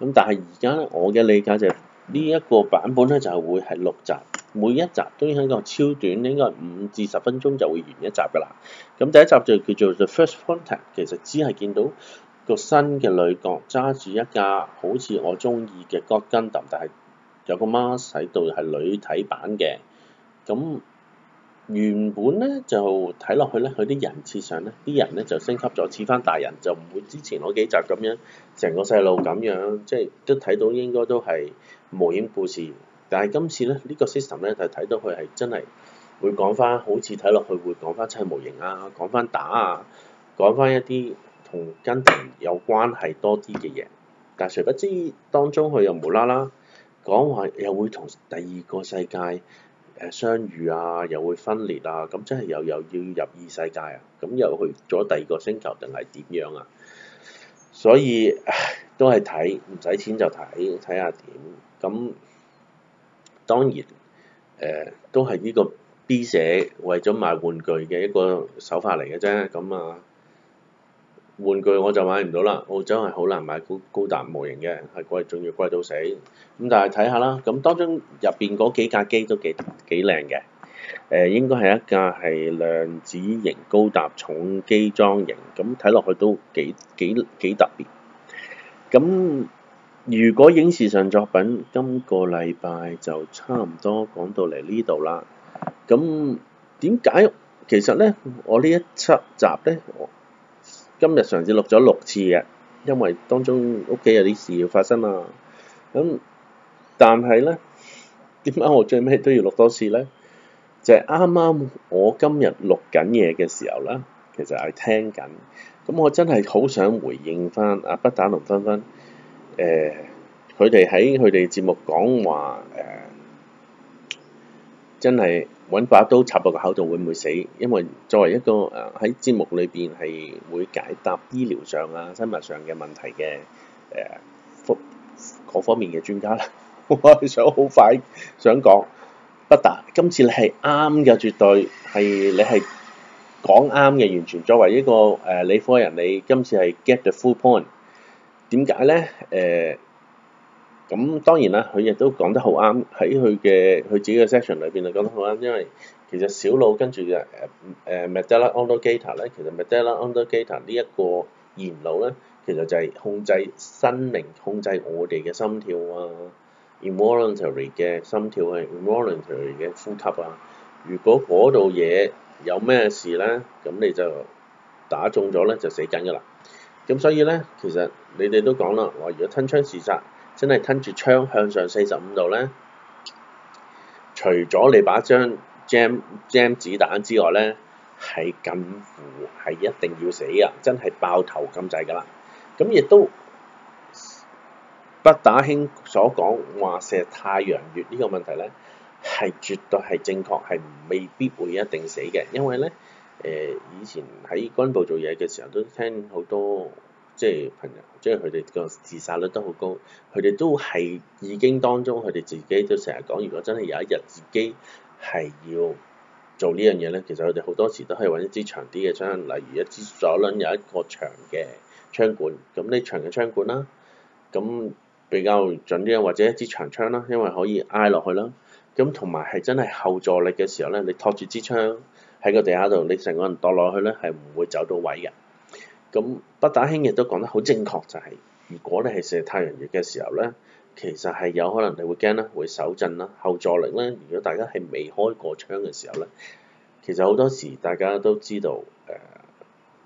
咁但係而家咧，我嘅理解就係呢一個版本咧，就係會係六集，每一集都應該講超短，應該五至十分鐘就會完一集噶啦。咁第一集就叫做 The First Contact，其實只係見到個新嘅女角揸住一架好似我中意嘅 God Gundam，但係有個 mask 喺度係女體版嘅。咁原本咧就睇落去咧，佢啲人設上咧，啲人咧就升級咗，似翻大人，就唔會之前嗰幾集咁樣成個細路咁樣，即係都睇到應該都係冒險故事。但係今次咧，這個、呢個 system 咧就睇到佢係真係會講翻，好似睇落去會講翻砌模型啊，講翻打啊，講翻一啲同跟團有關係多啲嘅嘢。但係誰不知當中佢又無啦啦講話，又會同第二個世界。誒相遇啊，又會分裂啊，咁真係又又要入異世界啊，咁又去咗第二個星球定係點樣啊？所以都係睇，唔使錢就睇，睇下點。咁當然誒、呃，都係呢個 B 社為咗賣玩具嘅一個手法嚟嘅啫。咁啊～玩具我就買唔到啦，澳洲係好難買高高達模型嘅，係貴，仲要貴到死。咁但係睇下啦，咁當中入邊嗰幾架機都幾幾靚嘅，誒、呃、應該係一架係量子型高達重機裝型，咁睇落去都幾幾幾特別。咁如果影視上作品，今個禮拜就差唔多講到嚟呢度啦。咁點解？其實咧，我一呢一輯集咧？今日上次錄咗六次嘅，因為當中屋企有啲事要發生啊。咁，但係咧，點解我最尾都要錄多次咧？就係啱啱我今日錄緊嘢嘅時候啦，其實係聽緊。咁我真係好想回應翻阿不打同分分，誒，佢哋喺佢哋節目講話誒，真係。揾把刀插落個口度會唔會死？因為作為一個誒，喺節目裏邊係會解答醫療上啊生物上嘅問題嘅，誒，嗰、呃、方面嘅專家啦。 [laughs] 我想好快想講，不打今次你係啱嘅，絕對係你係講啱嘅，完全作為一個誒理、呃、科人，你今次係 get the full point。點解咧？誒？咁當然啦，佢亦都講得好啱，喺佢嘅佢自己嘅 section 裏邊就講得好啱，因為其實小腦跟住誒誒、uh, medulla oblongata 咧，其實 medulla oblongata 呢一個延腦咧，其實就係控制心靈、控制我哋嘅心跳啊，involuntary 嘅心跳係、啊、involuntary 嘅呼吸啊。如果嗰度嘢有咩事咧，咁你就打中咗咧，就死緊㗎啦。咁所以咧，其實你哋都講啦，話如果吞槍自殺。真係吞住槍向上四十五度呢？除咗你把張 jam jam 子彈之外呢，係近乎係一定要死啊！真係爆頭咁滯㗎啦。咁亦都不打興所講話射太陽穴呢個問題呢，係絕對係正確，係未必會一定死嘅。因為呢，誒、呃、以前喺軍部做嘢嘅時候都聽好多。即係朋友，即係佢哋個自殺率都好高，佢哋都係已經當中，佢哋自己都成日講，如果真係有一日自己係要做呢樣嘢咧，其實佢哋好多時都係搵一支長啲嘅槍，例如一支左輪有一個長嘅槍管，咁呢長嘅槍管啦，咁比較準啲啊，或者一支長槍啦，因為可以挨落去啦，咁同埋係真係後坐力嘅時候咧，你托住支槍喺個地下度，你成個人墮落去咧，係唔會走到位嘅。咁不打興亦都講得好正確，就係，就係如果你係射太陽穴嘅時候咧，其實係有可能你會驚啦，會手震啦，後座力咧。如果大家係未開過槍嘅時候咧，其實好多時大家都知道，誒、呃，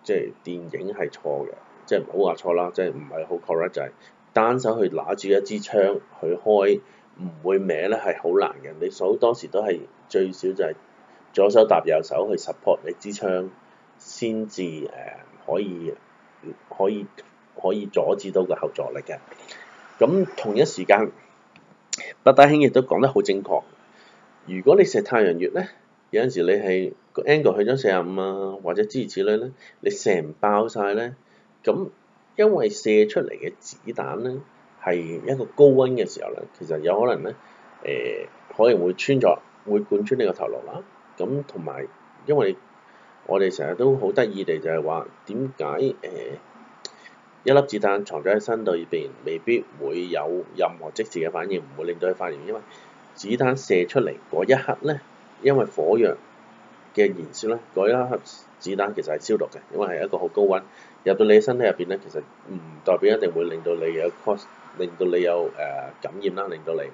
即、就、係、係、電影係錯嘅，即係唔好話錯啦，即係唔係好 correct，就係、係、cor 單手去拿住一支槍去開，唔會歪咧係好難嘅。你好多時都係最少就係左手搭右手去 support 你支槍，先至誒。呃可以，可以，可以阻止到個後座力嘅。咁同一時間，北大興亦都講得好正確。如果你射太陽穴咧，有陣時你係個 angle 去咗四十五啊，或者支持率咧，你射唔爆晒咧，咁因為射出嚟嘅子彈咧係一個高温嘅時候咧，其實有可能咧，誒、呃、可能會穿咗，會貫穿你個頭顱啦。咁同埋因為我哋成日都好得意地就係話，點解誒一粒子彈藏咗喺身裏邊，未必會有任何即時嘅反應，唔會令到佢發炎，因為子彈射出嚟嗰一刻咧，因為火藥嘅燃燒咧，嗰一粒子彈其實係消毒嘅，因為係一個好高溫入到你身體入邊咧，其實唔代表一定會令到你有 cost，令到你有誒、呃、感染啦，令到你，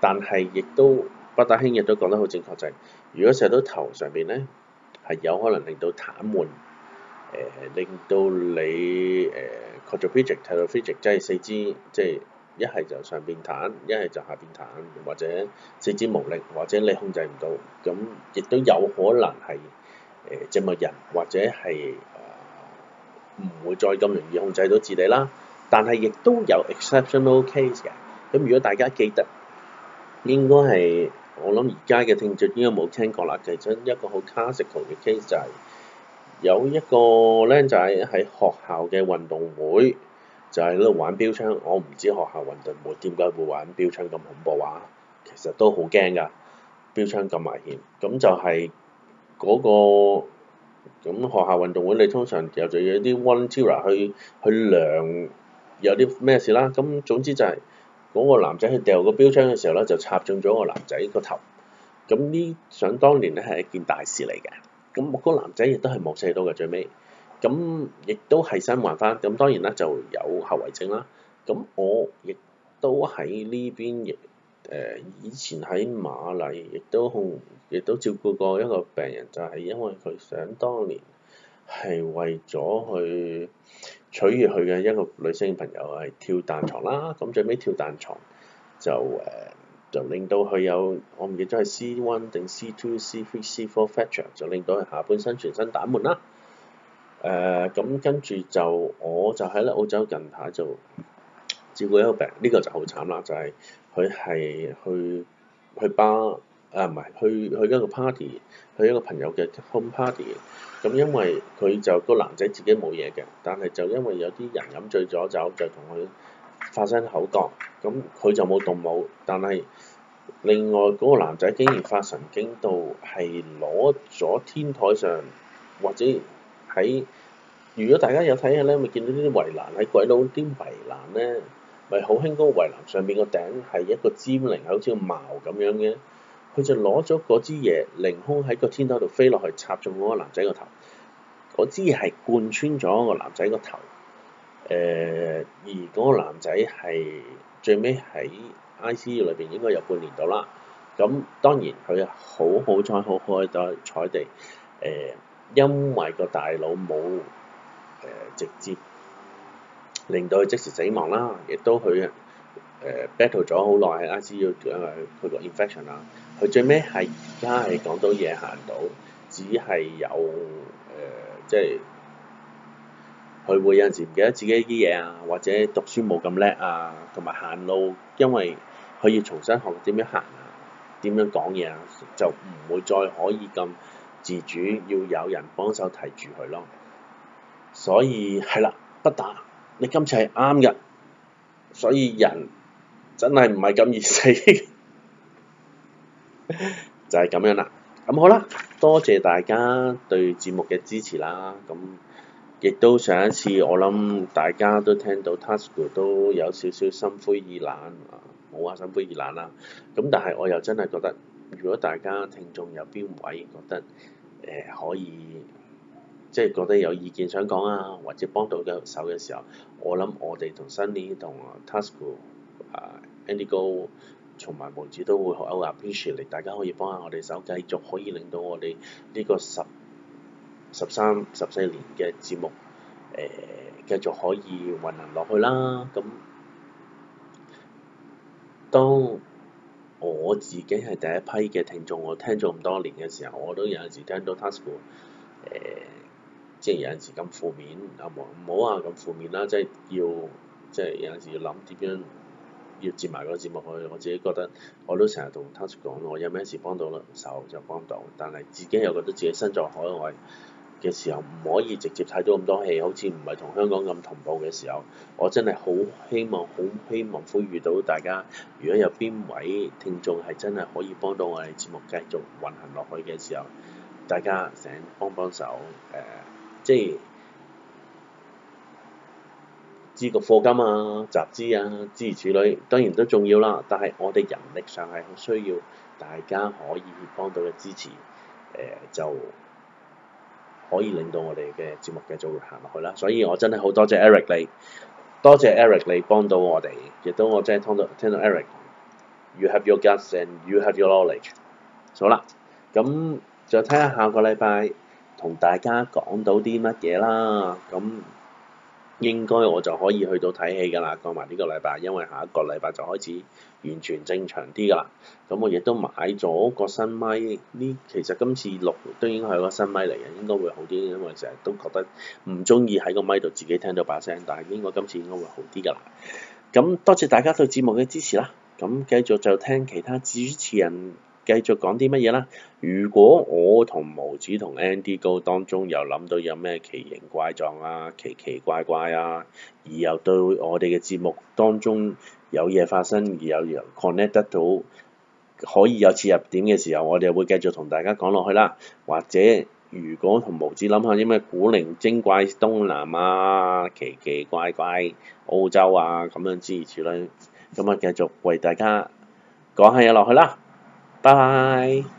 但係亦都不打兄亦都講得好正確，就係如果射到頭上邊咧。係有可能令到癱瘓，誒、呃、令到你 c a quadriplegic paraplegic，即係四肢即係一係就上邊癱，一係就下邊癱，或者四肢無力，或者你控制唔到，咁亦都有可能係誒、呃、植物人，或者係唔、呃、會再咁容易控制到自己啦。但係亦都有 exceptional case 嘅。咁如果大家記得，應該係。我諗而家嘅聽眾應該冇聽過啦。其中一個好 classical 嘅 case 就係、是、有一個僆仔喺學校嘅運動會就係喺度玩標槍。我唔知學校運動會點解會玩標槍咁恐怖話、啊，其實都好驚㗎。標槍咁危險，咁就係嗰、那個咁學校運動會你通常又就有啲 one two 啦去去量有啲咩事啦。咁總之就係、是。嗰個男仔去掉個標槍嘅時候咧，就插中咗個男仔個頭。咁呢，想當年咧係一件大事嚟嘅。咁個男仔亦都係冇死到嘅最尾。咁亦都係生還番。咁當然啦，就有後遺症啦。咁我亦都喺呢邊，亦、呃、誒以前喺瑪麗，亦都控，亦都照顧過一個病人，就係、是、因為佢想當年係為咗去。取悅佢嘅一個女性朋友係跳彈床啦，咁最尾跳彈床，就誒、呃、就令到佢有我唔記得係 C one 定 C two C three C four fracture 就令到佢下半身全身打滿啦。誒咁跟住就我就喺咧澳洲近排就照顧一個病，呢、呢個就好慘啦，就係佢係去去，去巴。啊，唔係去去一個 party，去一個朋友嘅 home party。咁因為佢就、個男仔自己冇嘢嘅，但係就因為有啲人飲醉咗酒，就同佢發生口角。咁佢就冇動武，但係另外嗰個男仔竟然發神經到係攞咗天台上或者喺，如果大家有睇下咧，咪見到呢啲圍欄喺鬼佬啲圍欄咧，咪好興嗰個圍欄上面個頂係一個尖鈴，好似個矛咁樣嘅。佢就攞咗嗰支嘢，凌空喺個天台度飛落去，插中嗰個男仔個頭。嗰支係貫穿咗個男仔個頭。誒、呃，而嗰個男仔係最尾喺 I C U 裏邊應該有半年度啦。咁當然佢好好彩，好好彩彩地誒，因為個大腦冇、呃、直接令到佢即時死亡啦。亦都佢誒 battle 咗好耐喺 I C U，因佢個 infection 啊。佢最尾係而家係講到嘢行到，只係有、呃、即係佢會有陣時唔記得自己啲嘢啊，或者讀書冇咁叻啊，同埋行路，因為佢要重新學點樣行啊，點樣講嘢啊，就唔會再可以咁自主，要有人幫手睇住佢咯。所以係啦，不打你今次係啱嘅，所以人真係唔係咁易死。 [laughs] [laughs] 就係咁樣啦，咁、嗯、好啦，多謝大家對節目嘅支持啦，咁、嗯、亦都上一次我諗大家都聽到 Tasco 都有少少心灰意冷啊，冇話心灰意冷啦，咁、啊、但係我又真係覺得，如果大家聽眾有邊位覺得誒、呃、可以，即、就、係、是、覺得有意見想講啊，或者幫到嘅手嘅時候，我諗我哋同 Sunny 同 Tasco 啊，Andy Go。從埋無子都會學一個 appreciate e 大家可以幫下我哋手，繼續可以令到我哋呢個十十三、十四年嘅節目，誒、呃、繼續可以運行落去啦。咁、嗯、當我自己係第一批嘅聽眾，我聽咗咁多年嘅時候，我都有陣時聽到 taskful，誒、呃、即係有陣時咁負面，啊，唔好話咁負面啦，即係要即係有陣時要諗點樣。要接埋個節目去，我自己覺得我都成日同 Touch 講我有咩事幫到手就幫到，但係自己又覺得自己身在海外嘅時候，唔可以直接睇到咁多戲，好似唔係同香港咁同步嘅時候，我真係好希望，好希望呼籲到大家，如果有邊位聽眾係真係可以幫到我哋節目繼續運行落去嘅時候，大家成幫幫手，呃，即係。資個課金啊，集資啊，諸如此類，當然都重要啦。但係我哋人力上係好需要大家可以幫到嘅支持，誒、呃、就可以令到我哋嘅節目繼續行落去啦。所以我真係好多謝 Eric 你，多謝 Eric 你幫到我哋。亦都我真係聽到聽到 Eric，You have your guts and you have your knowledge。好啦，咁就睇下下個禮拜同大家講到啲乜嘢啦。咁。應該我就可以去到睇戲㗎啦，過埋呢個禮拜，因為下一個禮拜就開始完全正常啲㗎啦。咁我亦都買咗個新咪，呢其實今次錄都應該係個新咪嚟嘅，應該會好啲，因為成日都覺得唔中意喺個咪度自己聽到把聲，但係應該今次應該會好啲㗎啦。咁多謝大家對節目嘅支持啦，咁繼續就聽其他主持人。繼續講啲乜嘢啦？如果我同毛子同 Andy Go 當中又諗到有咩奇形怪狀啊、奇奇怪怪啊，而又對我哋嘅節目當中有嘢發生，而有 connect 得到可以有切入點嘅時候，我哋又會繼續同大家講落去啦。或者如果同毛子諗下啲咩古靈精怪東南啊、奇奇怪怪澳洲啊咁樣之如此類，咁啊繼續為大家講下嘢落去啦。拜拜。